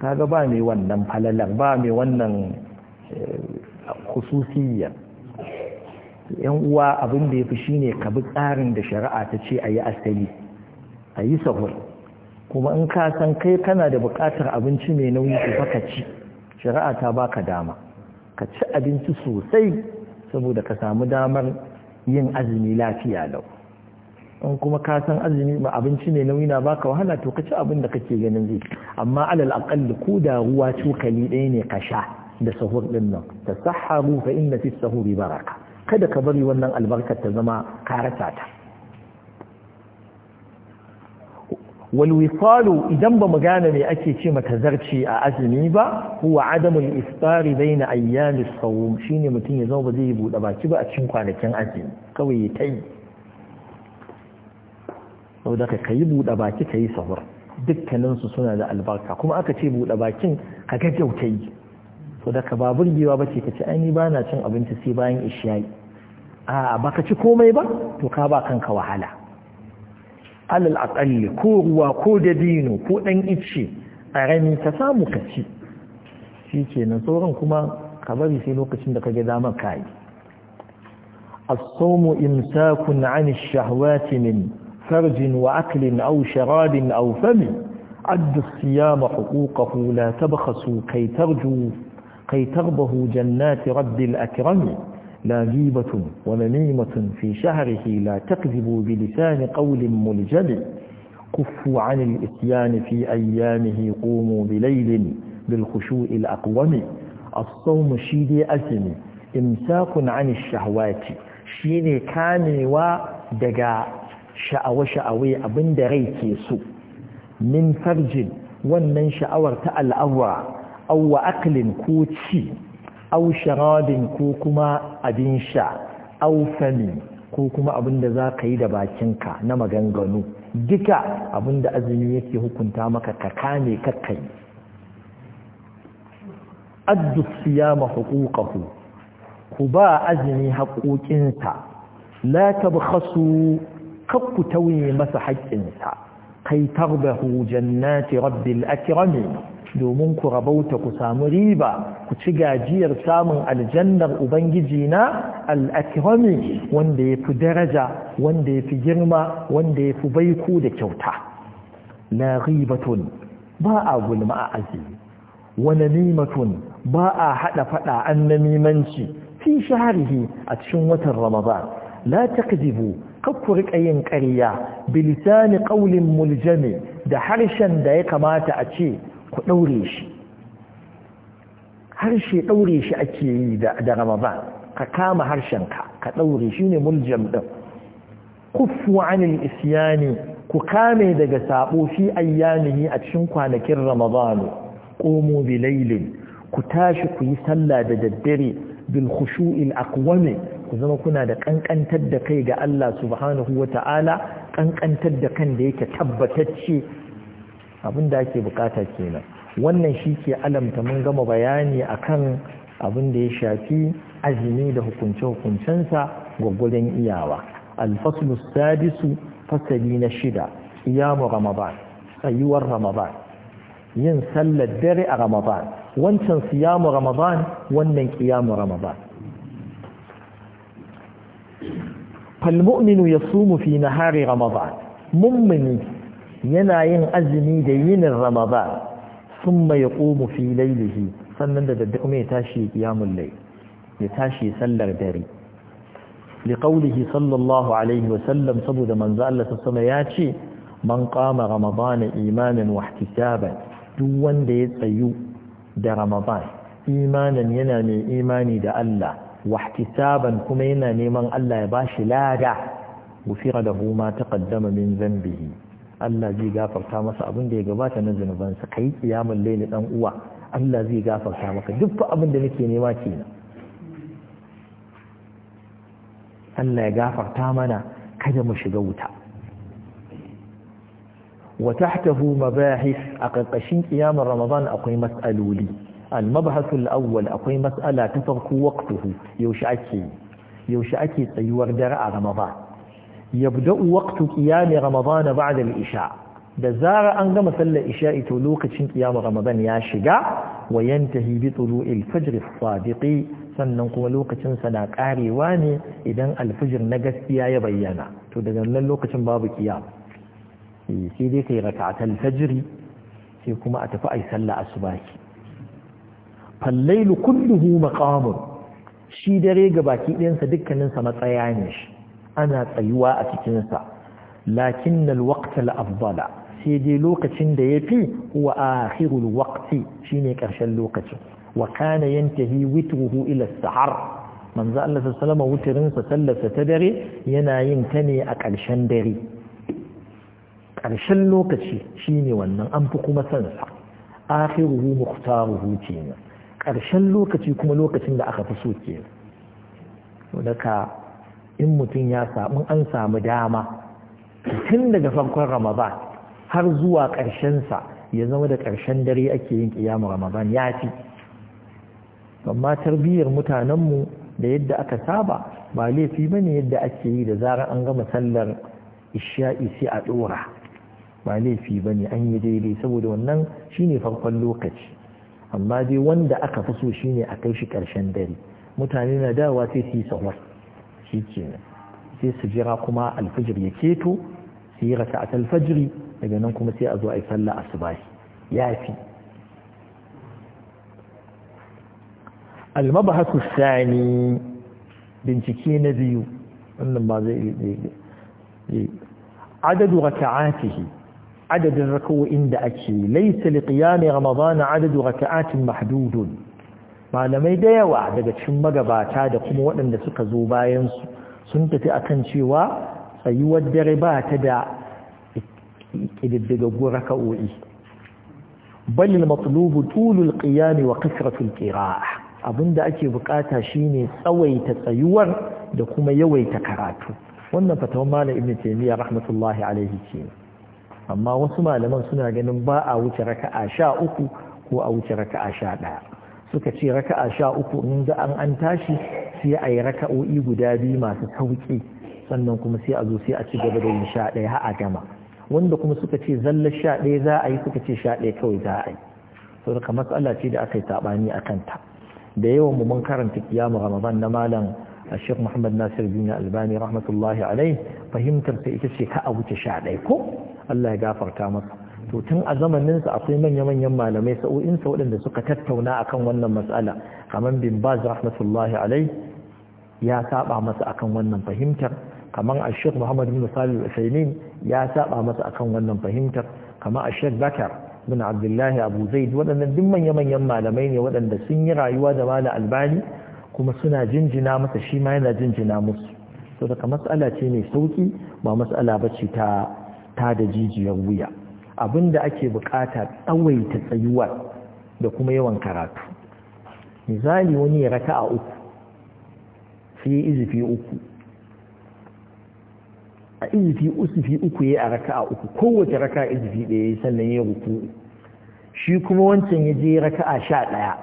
kaga ba mai wannan falalar ba mai wannan eh, khususiyya yan uwa abin da yafi shine ka bi tsarin da shari'a ta ce ayi asali ayi sahur kuma in ka san kai kana da bukatar abinci mai nauyi ko ka ci shari'a ta baka dama ka ci abinci sosai saboda ka samu damar yin azumi lafiya lau in kuma ka san azumi ba abinci mai nauyi na baka wahala to ka ci abin da kake ganin zai amma alal aqall ku da ruwa cokali ɗaya ne ka sha da sahur din nan tasahhabu fa inna fi sahur baraka kada ka bari wannan albarka ta zama ka rasa ta wal wifalu idan ba mu gane ne ake ce mata zarci a azumi ba huwa adamul iftar baina ayyamis shi ne mutum ya zama ba zai buɗe baki ba a cikin kwanakin azumi kawai tai sau da ka yi buɗe baki ka yi sahur dukkaninsu suna da albarka kuma aka ce buɗe bakin ka gaggauta yi sau da ka ba burgewa ba ce ka ci ai ba na cin abinci sai bayan ishayi a ba ka ci komai ba to ka ba kanka wahala alal aƙalli ko ruwa ko da dino ko ɗan icce a rami ka samu ka ci shi nan sauran kuma ka bari sai lokacin da ka ga damar ka yi الصوم إمساك عن الشهوات فرج وأكل أو شراب أو فم عد الصيام حقوقه لا تبخسوا كي ترجوا كي تربه جنات رب الأكرم لا غيبة ونميمة في شهره لا تكذبوا بلسان قول ملجم كفوا عن الإتيان في أيامه قوموا بليل بالخشوع الأقوم الصوم شيدي أسمي إمساك عن الشهوات شيني كامي ودقاء sha'awa-sha'awa abin da rai ke so min farjin wannan sha'awar ta al'awwa auwa aklin ko ci au sharabin ko kuma abin sha au fami ko kuma abin da za ka yi da bakinka na maganganu duka abin da azumi yake hukunta maka ka kame kakkai addu siyama huquqahu ku ba azumi haƙoƙinsa la tabkhasu kakku tauye masa haƙƙinsa kai tarbahu jannati rabbil akrami domin ku rabauta ku samu riba ku ci gajiyar samun aljannar ubangiji na al al'akrami wanda ya fi daraja wanda ya fi girma wanda ya fi baiku da kyauta la ribatun ba a gulma a azumi wani nimatun ba a haɗa faɗa an na nimanci fi shaharihi a cikin watan ramadan la takdibu kakku riƙa yin bi bilisani ƙaulin muljami da harshen da ya kamata a ce ku ɗaure shi harshe ɗaure shi ake yi da ramadan ka kama harshenka ka ɗaure shi ne muljam ɗin kufu anil isyani ku kame daga sabo fi ayyamihi a cikin kwanakin ramadan qumu bilailin ku tashi ku yi sallah da daddare bil khushu'il aqwami ku zama kuna da ƙanƙantar da kai ga Allah subhanahu wa ta'ala kankantar da kan da yake tabbatacce abin da ake bukata kenan wannan shi ke alamta mun gama bayani a kan abin da ya shafi azumi da hukunce-hukuncensa gwaggwadon iyawa alfaslu sadisu fasali na shida iyamu ramadan tsayuwar ramadan yin sallar dare a ramadan wancan siyamu ramadan wannan kiyamu ramadan falmu'minu ya sumu fi hari ramadan mummuni yana yin azumi da yinin ramadan sun ya ƙomu fi lailihi sannan da daddare ya tashi kiyamun lai ya tashi sallar dare liƙaulihi sallallahu alaihi wasallam saboda manzo ta sama ya ce man ƙama ramadana imanin wahtisaban duk wanda ya tsayu da ramadan imanin yana mai imani da Allah wahtisaban kuma yana neman Allah ya bashi lada gufira da ma taqaddama min zambihi Allah zai gafarta masa abin da ya gabata na zunubansa kai kiyamul layli dan uwa Allah zai gafarta maka duk abin da nake nema kenan Allah ya gafarta mana kada mu shiga wuta wa tahtahu mabahis a ƙarƙashin ƙiyamar Ramadan akwai mas'aloli awwal المبحث الأول أقوي مسألة yaushe ake tsayuwar dare a درع رمضان يبدأ وقت ramadan رمضان بعد الإشاء da zara an gama sallar isha'i to lokacin kiyama ramadan ya shiga wa yantahi bi tulu'il fajr as sannan kuma lokacin sa na karewa ne idan alfijir na gaskiya ya bayyana to daga nan lokacin babu kiyama eh, sai dai kai raka'atul fajr sai kuma a tafi ai sallar asubahi fallailu kulluhu maqamun shi dare ga baki ɗayansa dukkaninsa matsaya ne shi ana tsayuwa a cikinsa lakin alwaqta al-afdala sai dai lokacin da yafi wa akhirul waqti shine karshen lokacin wa kana yantahi witruhu ila as-sahar manzo Allah sallallahu alaihi wasallam sa sallarsa ta dare yana yin ta ne a karshen dare karshen lokaci shine wannan an fi kuma sansa akhiruhu mukhtaruhu kenan ƙarshen lokaci kuma lokacin da aka fi so ke daga in mutum ya samu an samu dama tun daga farkon ramadan har zuwa ƙarshen sa ya zama da ƙarshen dare ake yin ƙiyamu ramadan ya fi amma tarbiyyar mutanenmu da yadda aka saba ba laifi ba ne yadda ake yi da zarar an gama sallar isha'i sai a ɗora ba laifi ba ne an yi daidai saboda wannan shine farkon lokaci amma dai wanda aka fi so shine a kai shi ƙarshen dare mutane na dawa sai su yi sahur shi kenan sai su jira kuma alfijir ya keto su yi raka alfajiri daga nan kuma sai a zo a yi sallah asubahi ya fi almabahasu sani bincike na biyu wannan ba zai adadu raka'atihi adadin raka'o'in da ake laysa li qiyam ramadan adadu raka'atin mahdudun malamai da yawa daga cikin magabata da kuma waɗanda suka zo bayan su sun tafi a kan cewa tsayuwar dare ba ta da ƙididdigaggun raka'o'i bal al-matlubu tulul qiyam wa kasratul qira'ah abinda ake bukata shine tsawaita tsayuwar da kuma yawaita karatu wannan fatawar malam ibn taymiyyah rahmatullahi alaihi kenan amma wasu malaman suna ganin ba a wuce raka'a sha uku ko a wuce raka'a sha ɗaya suka ce raka'a sha uku in za an an tashi sai a yi raka'o'i guda biyu masu sauƙi sannan kuma sai a zo sai a ci gaba da yin sha ɗaya har a gama wanda kuma suka ce zallar sha ɗaya za a yi suka ce sha ɗaya kawai za a yi Sau da kamar matsala ce da aka yi saɓani a kanta da yawan mu mun karanta kiyamu ramadan na malam الشيخ محمد ناصر بن الباني رحمة الله عليه fahimtar ta ita ce ka a wuce sha ɗaya ko Allah ya gafarta masa to tun a zamaninsa akwai manya-manyan malamai sa'o'insa waɗanda suka tattauna akan wannan matsala kamar bin Baz rahmatullahi alai ya saba masa akan wannan fahimtar kamar Sheikh Muhammad bin Salih al ya saba masa akan wannan fahimtar kamar Sheikh Bakar bin Abdullahi Abu Zaid waɗannan duk manya-manyan malamai ne waɗanda sun yi rayuwa da Malam Albani kuma suna jinjina masa shi ma yana jinjina musu to daga matsala ce mai sauki ba matsala ba ce ta ta da jijiyar wuya abinda ake bukata tsawaita tsayuwar da kuma yawan karatu misali wani ya raka a uku sai izifi uku a izifi usufi uku ya a raka a uku kowace raka izifi ɗaya sannan ya ruku shi kuma wancan ya je raka a sha ɗaya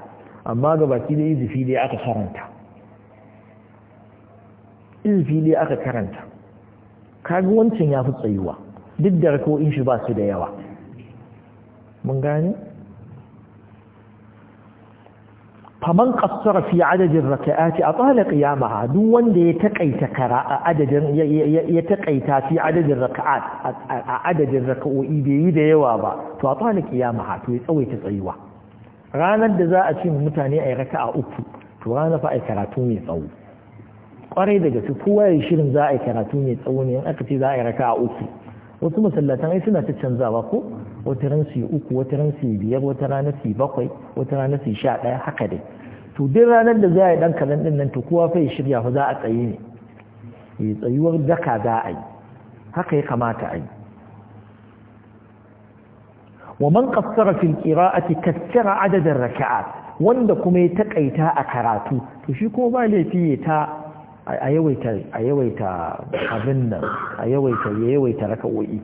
amma ga baki da izifi ɗaya aka karanta fili aka karanta kaga wancan ya fi tsayuwa duk da rako'in shi ba su da yawa mun gane faman qassara fi adadin raka'ati atala qiyamaha duk wanda ya takaita kara adadin ya takaita fi adadin raka'at a adadin raka'o'i bai yi da yawa ba to atala qiyamaha to ya tsawaita tsayuwa ranar da za a ce mutane a yi raka'a uku to ranar fa ai karatu mai tsawo kwarai daga su kowa ya shirin za a yi karatu mai tsawo ne in aka ce za a yi raka a uku wasu masallatan ai suna ta canzawa ko wata ran su uku wata ran su biyar wata rana su bakwai wata rana su sha ɗaya haka dai to duk ranar da za a yi ɗan kalan ɗin nan to kowa fa ya shirya fa za a tsaye ne ya eh, tsayuwar daka za a yi haka ya kamata a yi wa man qassara fil qira'ati kassara adadin raka'at wanda kuma ya takaita a karatu to shi kuma ba laifi ta a yawaita a yawaita abin nan a yawaita ya yawaita raka'o'i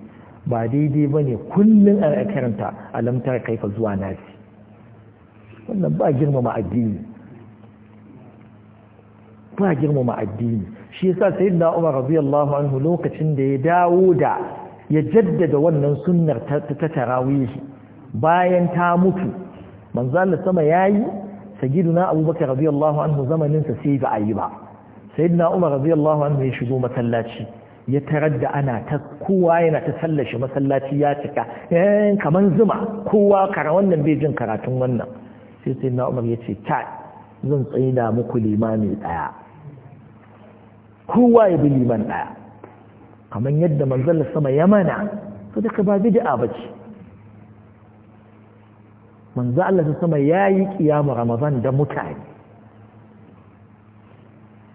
ba daidai ba ne kullum a karanta alamtar kaifa zuwa nasi wannan ba girmama addini ba girmama addini shi yasa sayyidina Umar radiyallahu anhu lokacin da ya dawo da ya jaddada wannan sunnar ta tarawih bayan ta mutu manzo Allah sama yayi sayyidina Abubakar radiyallahu anhu zamanin sa sai ba yi ba sayyidina umar radiyallahu anhu ya shigo masallaci ya tarar da ana ta kowa yana ta sallashi masallaci ya cika eh, kaman zuma kowa kara wannan bai jin karatun wannan sai sayyidina umar ya ce ta zan tsaida muku limami ɗaya kowa ya bi liman daya kaman yadda manzon sama ya mana to duka ba bid'a bace manzo Allah sama yayi kiyamu Ramadan da mutane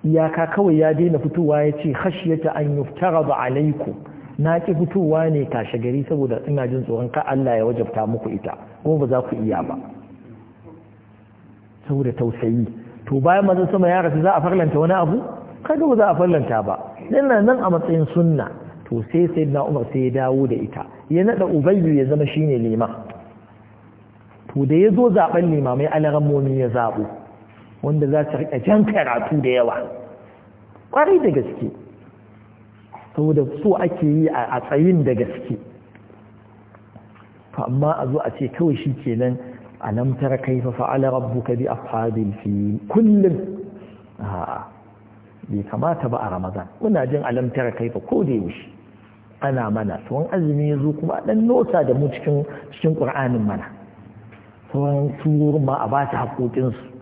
iyaka kawai ya daina fitowa ya ce khashiyata an yuftaradu alaikum na ki fitowa ne kashe gari saboda ina jin tsoron ka Allah ya wajabta muku ita ko ba za ku iya ba saboda tausayi to bayan mazan sama ya rasu za a farlanta wani abu kaga ba za a farlanta ba yana nan a matsayin sunna to sai sai na umar sai ya dawo da ita ya naɗa ubayyu ya zama shine lima to da ya zo zaben limamai alaramomi ya zaɓo. wanda za su rika jan karatu da yawa Ƙwari da gaske saboda so ake yi a tsayin da gaske amma a zo a ce kawai shi ke nan, a nan tara kai fa fa'ala rabbuka bi ashabil fi kullum a'a bai kamata ba a ramadan muna jin alam tara kai fa ko da yaushe ana mana tsawon azumi ya zo kuma ɗan nosa da mu cikin cikin qur'anin mana sauran surorin ma a ba ta haƙoƙinsu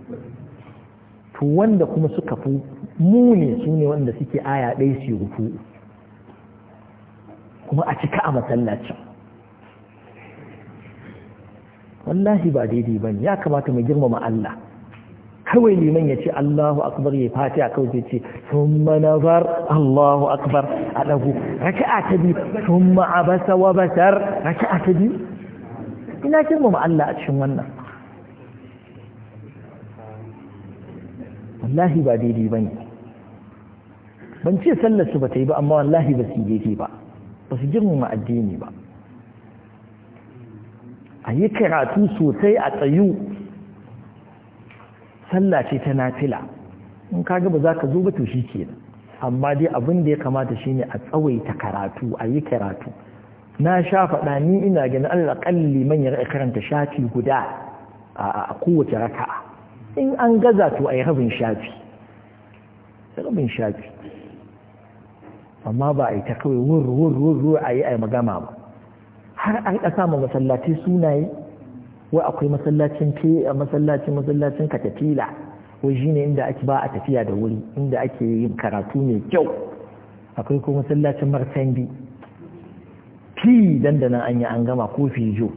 to wanda kuma suka fi mune su ne wanda suke aya ɗaya su rufu kuma a cika a masallacin wallahi ba daidai ba ya kamata mai girmama Allah kawai liman ya ce Allahu akbar ya fati a kawai ce sun manazar Allahu akbar a raka a ta biyu sun ma'abasa wa basar a ta biyu ina girmama Allah a cikin wannan wallahi ba daidai ba ne ban ce sallar su ba ta yi ba amma wallahi ba su daidai ba ba su girmama addini ba a yi karatu sosai a tsayu sallah ce ta nafila in kaga ba za ka zo ba to shi kenan amma dai abin da ya kamata shine a tsawaita karatu a yi karatu na sha faɗa ni ina ganin allakalli manyan man karanta shafi guda a kowace raka'a in an gaza to a yi rabin shafi rabin shafi amma ba a yi ta kawai wurwurwurwur a yi a yi magama ba har an ƙasa ma masallaci sunaye wai akwai masallacin ke masallacin masallacin katafila wai ne inda ake ba a tafiya da wuri inda ake yin karatu mai kyau akwai kuma masallacin martandi fi dandanan an yi an gama ko fijo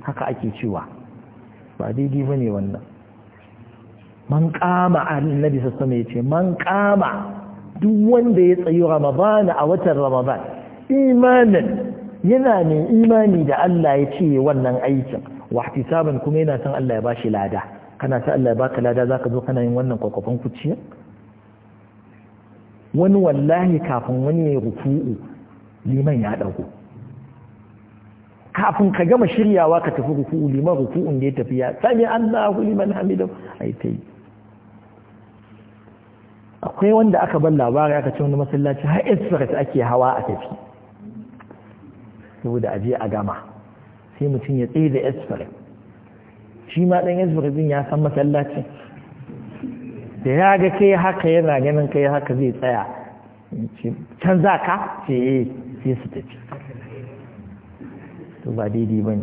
haka ake cewa ba daidai ba ne wannan man kama annabi sassama ya ce man kama duk wanda ya tsayi Ramadan a watan ramadan imanin yana mai imani da Allah ya ce wannan aikin wahtisaban kuma yana san Allah ya bashi lada kana san Allah ya baka lada zaka zo kana yin wannan kokofan kuciya wani wallahi kafin wani ya rufu liman ya dago kafin ka gama shiryawa ka tafi rufu liman rufu da ya tafi ya sami Allahu liman hamidu ai tai akwai wanda aka ban labari aka ce wani masallaci har express ake hawa a tafi saboda aje a gama sai mutum ya tsaye da express shi ma ɗan express din ya san masallacin da ya ga kai haka yana ganin kai haka zai tsaya can za ka ce eh sai su tafi to ba daidai ba ne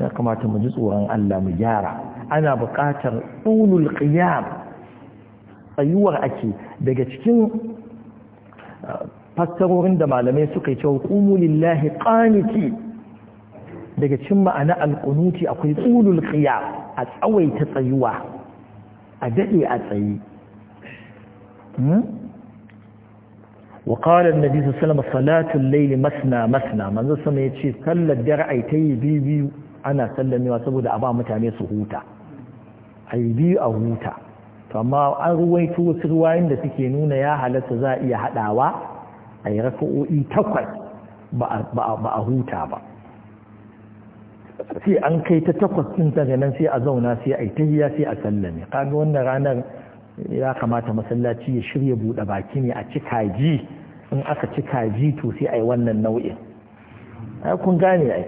ya kamata mu ji tsoron Allah mu gyara ana bukatar tsulul qiyam tsayuwar ake daga cikin uh, fassarorin da malamai suka yi cewa ƙumu lillahi ƙaniki daga cin ma'ana alƙunuti akwai tsulul ƙiya a tsawai tsayuwa a daɗe a tsaye hmm? wa ƙawar da nabisa salama salatun laili masna masna manzan sama ya ce sallar dare a ta yi biyu ana sallamewa saboda a ba mutane su huta a biyu a huta to amma an ruwaitu wasu ruwayin da suke nuna ya halatta za a iya haɗawa a yi raka'o'i takwas ba a huta ba sai an kai ta takwas ɗin daga nan sai a zauna sai a yi tahiya sai a sallame kaga wannan ranar ya kamata masallaci ya shirya buɗe baki ne a cika ji in aka cika ji to sai a yi wannan nau'in ai kun gane ai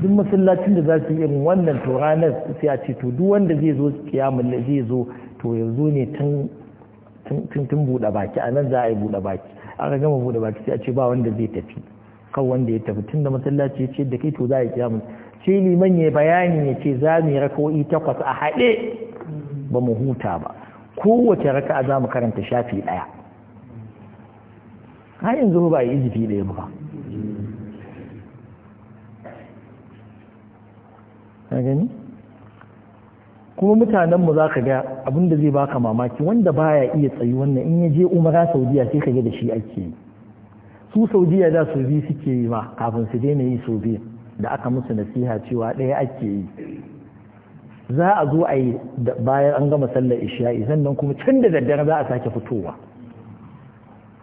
duk masallacin da za su yi irin wannan to ranar sai a ce to duk wanda zai zo kiyamun zai zo to yanzu ne tun buɗe baki a nan za a yi buɗe baki aka gama buɗe baki sai a ce ba wanda zai tafi kan wanda ya tafi tun da masallaci ya ce da kai to za a yi kiyamun ce liman ya bayani ya ce za mu yi raka'o'i takwas a haɗe ba mu huta ba kowace raka'a za mu karanta shafi ɗaya har yanzu ba yi izifi ɗaya ba ka gani kuma mutanen mu ka ga abin da zai baka mamaki wanda baya iya tsayi wannan in ya je umara saudiya sai ka ga da shi ake yi su saudiya da su bi suke yi ma kafin su daina yi su bi da aka musu nasiha cewa ɗaya ake yi za a zo a yi bayan an gama sallar isha'i sannan kuma can da daddare za a sake fitowa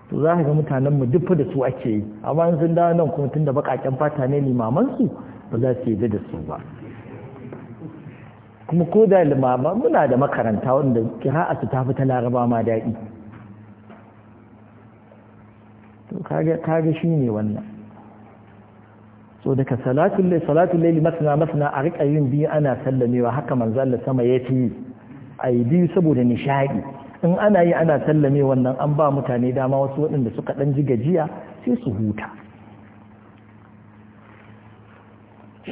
to za ka ga mutanen mu duk da su ake yi amma sun dawo nan kuma tun da baƙaƙen fata ne limaman su ba za su yi da su ba kuma ko da limama muna da makaranta wanda kira'atu ta fi ta laraba ma daɗi to kaga shi ne wannan so daga salatun lai masana masana a riƙa yin biyu ana sallamewa haka manzan da sama ya ce a yi biyu saboda nishaɗi in ana yi ana sallame wannan an ba mutane dama wasu waɗanda suka ɗan ji gajiya sai su huta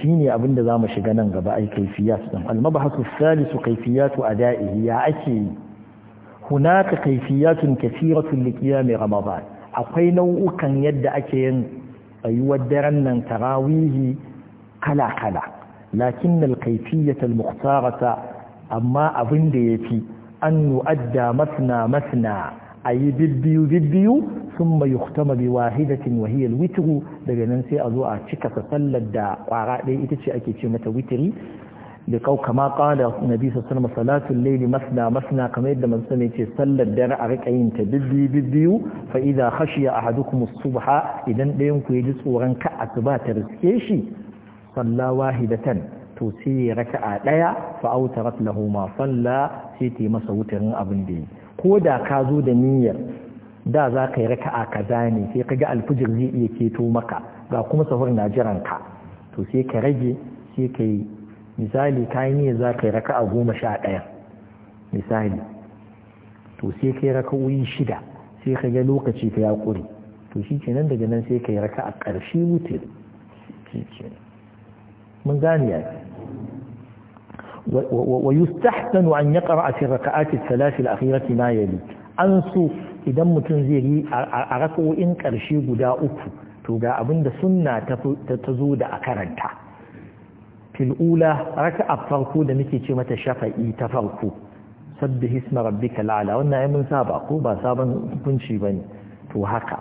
shine abin da zamu shiga nan gaba ai kaifiyat ɗin al salisu kaifiyatu ada'ihi ya ake yi hunaka kaifiyatun kathiratun mai ramadan akwai nau'ukan yadda ake yin rayuwar daren nan tarawihi kala kala lakin nal kaifiyat al amma abin da ya fi an nu'adda masna masna a yi bibbiyu bibbiyu sun mai yuktama bi wahidatin wahiyar witiru daga nan sai a zo a cika sallar da kwara ɗaya ita ce ake ce mata witiri da kau kama kada nabi sassan masalatun laili masna masna kamar yadda manzo ne ce sallar dare a rika yin ta bibbiyu bibbiyu fa a hadu kuma subha idan ɗayan ku ya ji tsoron ka asuba ta riske shi salla wahidatan to sai a ɗaya fa autarat lahu ma salla sai ta yi masa wutarin abin da yi ko da ka zo da niyyar da za ka yi raka'a kaza ne sai ka ga alfijir zai iya keto maka ga kuma sahur na jiran ka to sai ka rage sai ka yi misali ka yi niyyar za ka yi raka'a goma sha ɗaya misali to sai ka yi raka'o'i shida sai ka ga lokaci ka ya ƙuri, to shi nan daga nan sai ka yi raka'a ƙarshe wutar. mun gane ya ويستحسن أن يقرأ في الركعات الثلاث الأخيرة ما يلي أنسو إذا متنزيري أركو إن كرشي قداء أكو توقع أبن سنة تزود أكرنتا في الأولى ركع فرقو دمكي كما شفعي تفرقو سبه اسم ربك الأعلى وانا من سابق با سابا كنشي بني توهكا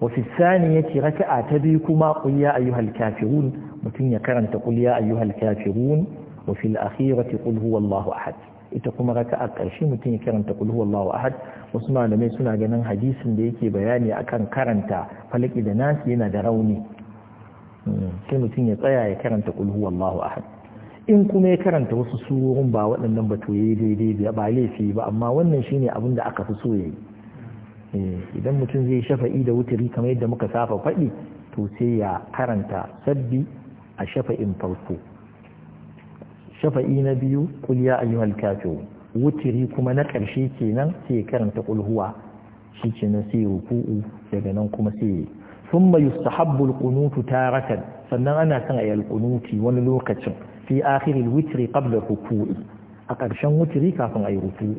وفي الثانية ركع تبيكما قل يا أيها الكافرون متن يكرن تقول يا أيها الكافرون wa fil akhirati qul huwallahu ahad ita kuma raka a ƙarshe mutum ya karanta qul huwallahu ahad wasu malamai suna ganin hadisin da yake bayani akan karanta falaki da nasi yana da rauni hmm, sai mutum ya tsaya ya karanta qul huwallahu ahad in kuma ya karanta wasu surorin ba waɗannan ba to yayi daidai ba laifi ba amma wannan shine abin da aka fi so yi eh, idan mutum zai shafa'i da wuturi kamar yadda muka safa faɗi to sai ya karanta sabbi a shafa'in farko shafa'i na biyu qul ya ayyuhal kafirun wutiri kuma na ƙarshe kenan sai karanta qul huwa shikenan sai ruku'u daga nan kuma sai thumma yustahabbu al-qunutu taratan sannan ana son ayi al-qunuti wani lokacin fi akhir al-witri qabla ruku'i a ƙarshen wutiri kafin ayi ruku'u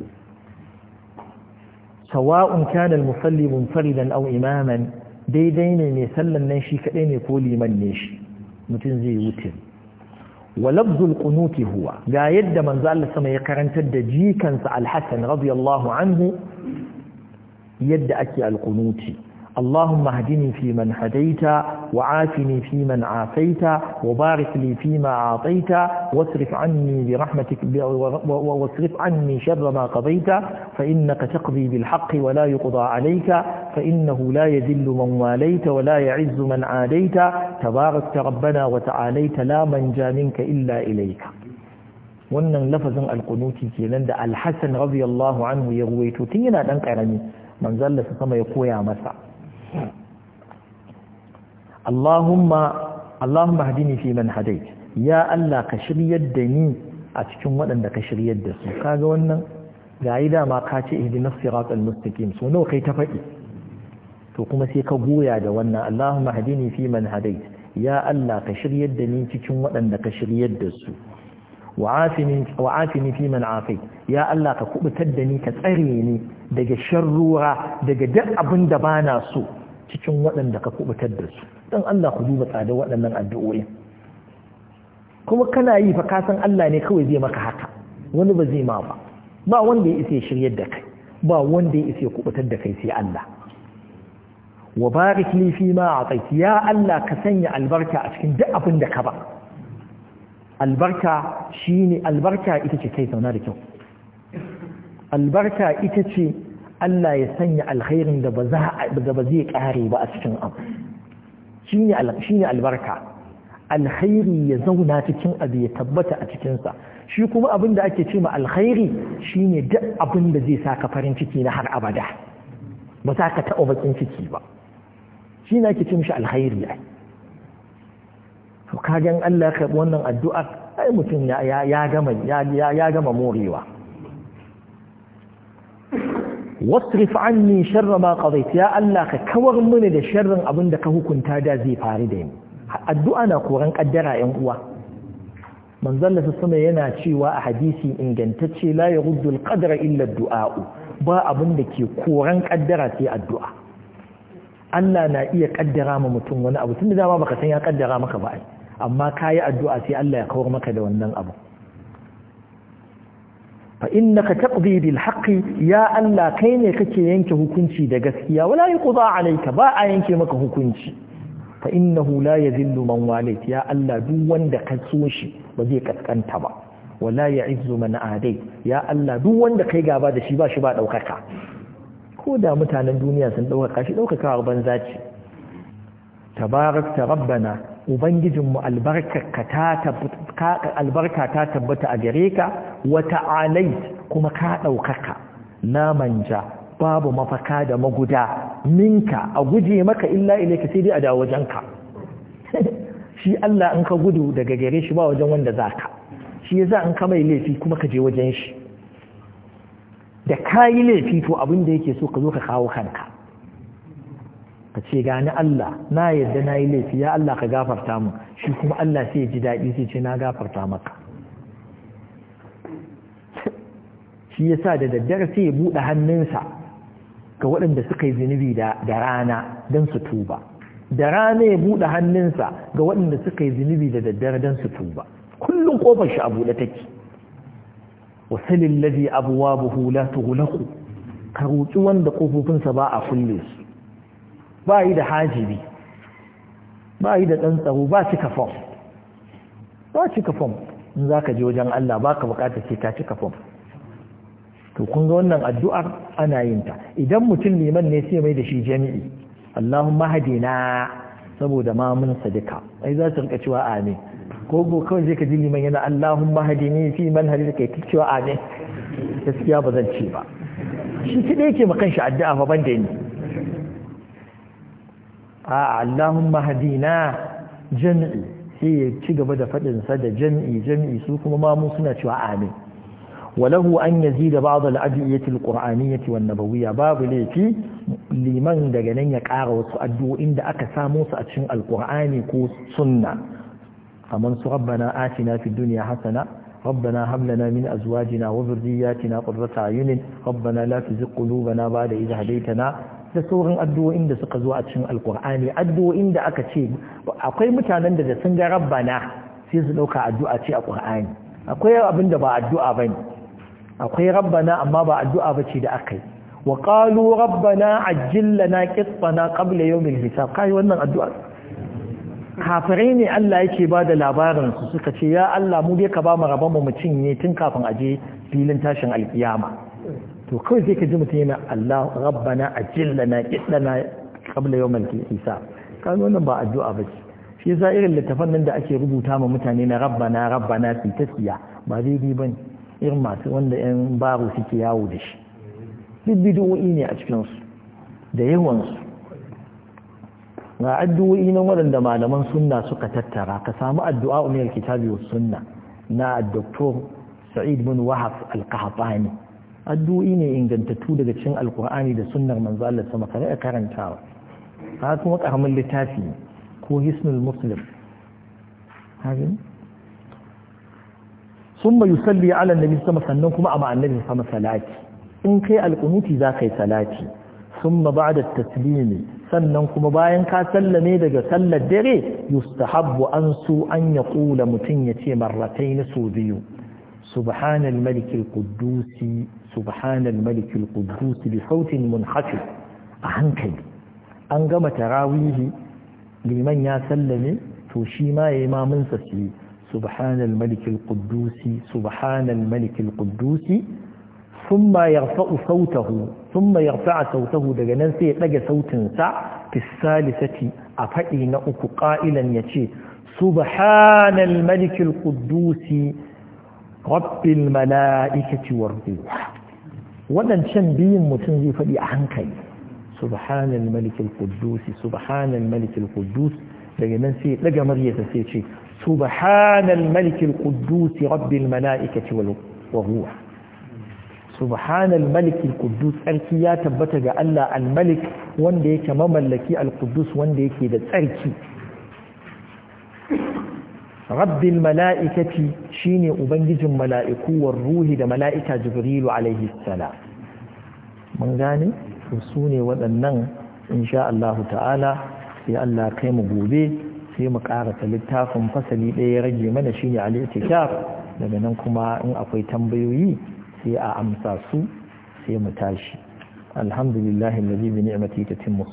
sawa'un kana al-musalli munfaridan aw imaman daidai ne mai sallan nan shi kadai ne ko liman ne shi mutum zai wutiri wa labzul qunuti huwa ga yadda manzo Allah sama ya karantar da jikansa al-Hasan radiyallahu anhu yadda ake al-qunuti اللهم اهدني فيمن هديت وعافني فيمن عافيت وبارك لي فيما أعطيت واصرف عني برحمتك واصرف عني شر ما قضيت فإنك تقضي بالحق ولا يقضى عليك فإنه لا يذل من واليت ولا يعز من عاديت تباركت ربنا وتعاليت لا منجا منك إلا إليك wannan lafazin alkunuti kenan da alhassan radiyallahu anhu ya ruwaito tun yana dan karami manzon Allah sama ya koya masa Allahumma Allahumma hadini fi man hadait ya Allah ka shiryar da ni a cikin waɗanda ka shiryar da su kaga wannan gayi ma ka ce ihdinas siratal mustaqim so nawa kai ta faɗi to kuma sai ka goya da wannan Allahumma hadini fi man hadait ya Allah ka shiryar da ni cikin waɗanda ka shiryar da su wa'afini fi man ya Allah ka kubutar da ni ka tsare ni daga sharrura daga duk abin da bana so cikin waɗanda ka kubutar da su don Allah ku duba tsada waɗannan addu'o'i kuma kana yi fa ka san Allah ne kawai zai maka haka wani ba zai ma ba ba wanda ya isa shiryar da kai ba wanda ya isa kubutar da kai sai Allah wa barik li fi ma ataiti ya Allah ka sanya albarka a cikin duk abin da ka ba albarka shine albarka ita ce kai zauna da kyau albarka ita ce Allah ya sanya alkhairin da ba ba zai ƙare ba a cikin abu shi ne albarka alkhairi ya zauna cikin abu ya tabbata a cikinsa shi kuma abin da ake ce ma alkhairi shi ne duk abin da zai saka farin ciki na har abada ba za ka taɓa bakin ciki ba shi ne ake ce mishi alkhairi ai to kagan Allah ka wannan addu'ar ai mutum ya gama morewa wasrif anni sharra ma qadait ya Allah ka kawar mini da sharrin abin da ka hukunta da zai faru da ni addu'a na koran kaddara yan uwa manzon Allah sama yana cewa a hadisi ingantacce la yaghuddu al-qadra illa addu'a ba abin da ke koran kaddara sai addu'a Allah na iya kaddara ma mutum wani abu tunda dama baka san ya kaddara maka ba amma kayi addu'a sai Allah ya kawar maka da wannan abu fa innaka taqdi bil haqqi ya Allah kai ne kake yanke hukunci da gaskiya wala yuqda alayka ba a yanke maka hukunci fa innahu la yazillu man walayt ya Allah duk wanda ka so shi ba zai kaskanta ba wala ya'izzu man adai ya Allah duk wanda kai gaba da shi ba shi ba daukaka ko da mutanen duniya sun daukaka shi daukaka banza ce tabarakta rabbana ubangijinmu albarka ta tabbata a gare ka wata alai kuma ka ɗaukaka na manja babu mafaka da maguda minka a guje maka illa ilaika sai dai a dawo wajenka shi Allah in ka gudu daga gare shi ba wajen wanda za ka shi ya za in ka mai laifi kuma ka je wajen shi da ka yi laifi to abin da yake so ka zo ka kawo kanka ka ce gani Allah na yadda na yi laifi ya Allah ka gafarta mu shi kuma Allah sai ya ji daɗi sai ce na gafarta maka shi ya sa da daddare sai ya buɗe hannunsa ga waɗanda suka yi zunubi da rana don su tuba da rana ya buɗe hannunsa ga waɗanda suka yi zunubi da daddare don su tuba kullum kofar shi a buɗe take wasalin lazi abuwa buhu la tuhulaku ka roƙi wanda ƙofofinsa ba a kulle su ba yi da hajibi ba yi da ɗan tsaro ba cika fom ba cika fom in za ka je wajen Allah ba ka bukata ce ta cika fom to kun ga wannan addu'ar ana yinta idan mutum liman ne sai mai da shi jami'i Allahumma hadina saboda ma mun sadika ai za su rika cewa amin ko go kawai zai ka ji liman yana Allahumma hadini fi man hadina da ta cewa amin gaskiya ba zan ce ba shi kidai yake makan shi addu'a fa ban da ni a Allahumma hadina jam'i sai ya ci gaba da faɗinsa da jam'i jam'i su kuma mamu suna cewa amin walahu an yazida ba'd al-adiyyati al-qur'aniyyati ba nabawiyya babu laifi liman daga nan ya ƙara wasu addu'o'in da aka samu su a cikin Alƙur'ani ko sunna kaman su rabbana atina fid dunya hasana ربنا هب لنا من أزواجنا وذرياتنا قرة أعين ربنا لا تزغ قلوبنا بعد إذ هديتنا da sauran addu'o'in da suka zo a cikin alkur'ani addu'o'in da aka ce akwai mutanen da da sun ga rabbana sai su ɗauka addu'a ce a ƙur'ani akwai abin da ba addu'a ba ne akwai rabbana amma ba addu'a ba ce da aka yi wa ƙalu rabbana ajil lana qitfana qabla yawmil hisab kai wannan addu'a kafirai ne Allah yake ba da labarin su suka ce ya Allah mu dai ka ba mu rabon mu cinye tun kafin aje filin tashin alkiyama to kawai sai ka ji mutum yana Allah rabbana ajillana kidana qabla yawmal hisab kan wannan ba addu'a ba ce shi yasa irin littafan nan da ake rubuta ma mutane na rabbana rabbana fi tasiya ba daidai ba ne irin masu wanda yan baro suke yawo da shi duk ne a cikin su da yawan su ga addu'o'i nan waɗanda malaman sunna suka tattara ka samu addu'a umar kitabi wa sunna na Dr. sa'id bin wahab al-qahtani addu'o'i ne ingantattu daga cikin alkur'ani da sunnar manzo Allah sama kare karantawa ka kuma karamin littafi ko hisnul muslim hajin sun yusalli ala nabi sama sannan kuma a ma'annabi sama salati in kai alkunuti za ka yi salati sun ma ba da taslimi sannan kuma bayan ka sallame daga sallar dare yustahabbu an su an ya kula mutum ya ce marratai na sau biyu subhanal malikil quddusi subhanal malik al-quddus bi sautin munhafi a hankali an gama tarawihi liman ya sallame to shi ma yayi mamun sa shi subhanal malik al-quddus subhanal malik al-quddus thumma yarfa'u sautahu thumma yarfa'a sautahu daga nan sai ya daga sautin sa fi salisati a faɗi na uku qailan yace subhanal malik al-quddus rabbil mala'ikati war ruh waɗancan biyun mutum zai faɗi a hankali subhanal malikil quddusi subhanal malikil quddus daga nan sai daga maryata sai ce subhanal malikil quddusi rabbil malaikati wal ruh subhanal malikil quddus tsarki ya tabbata ga Allah al malik wanda yake mamallaki al quddus wanda yake da tsarki Rabbin mala'ikati shine ubangijin mala'iku ruhi da mala'ika jibrilu alaihi mun gane su ne waɗannan insha Allah ta'ala sai Allah kai mu gobe sai mu karata littafin fasali ɗaya ya rage mana shine al-i'tikaf daga nan kuma in akwai tambayoyi sai a amsa su sai mu tashi alhamdulillahi allazi bi ni'matihi tatimmu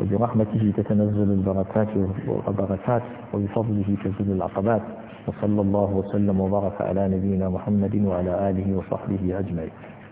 وبرحمته تتنزل البركات والبركات وبفضله تزول العقبات وصلى الله وسلم وبارك على نبينا محمد وعلى آله وصحبه أجمعين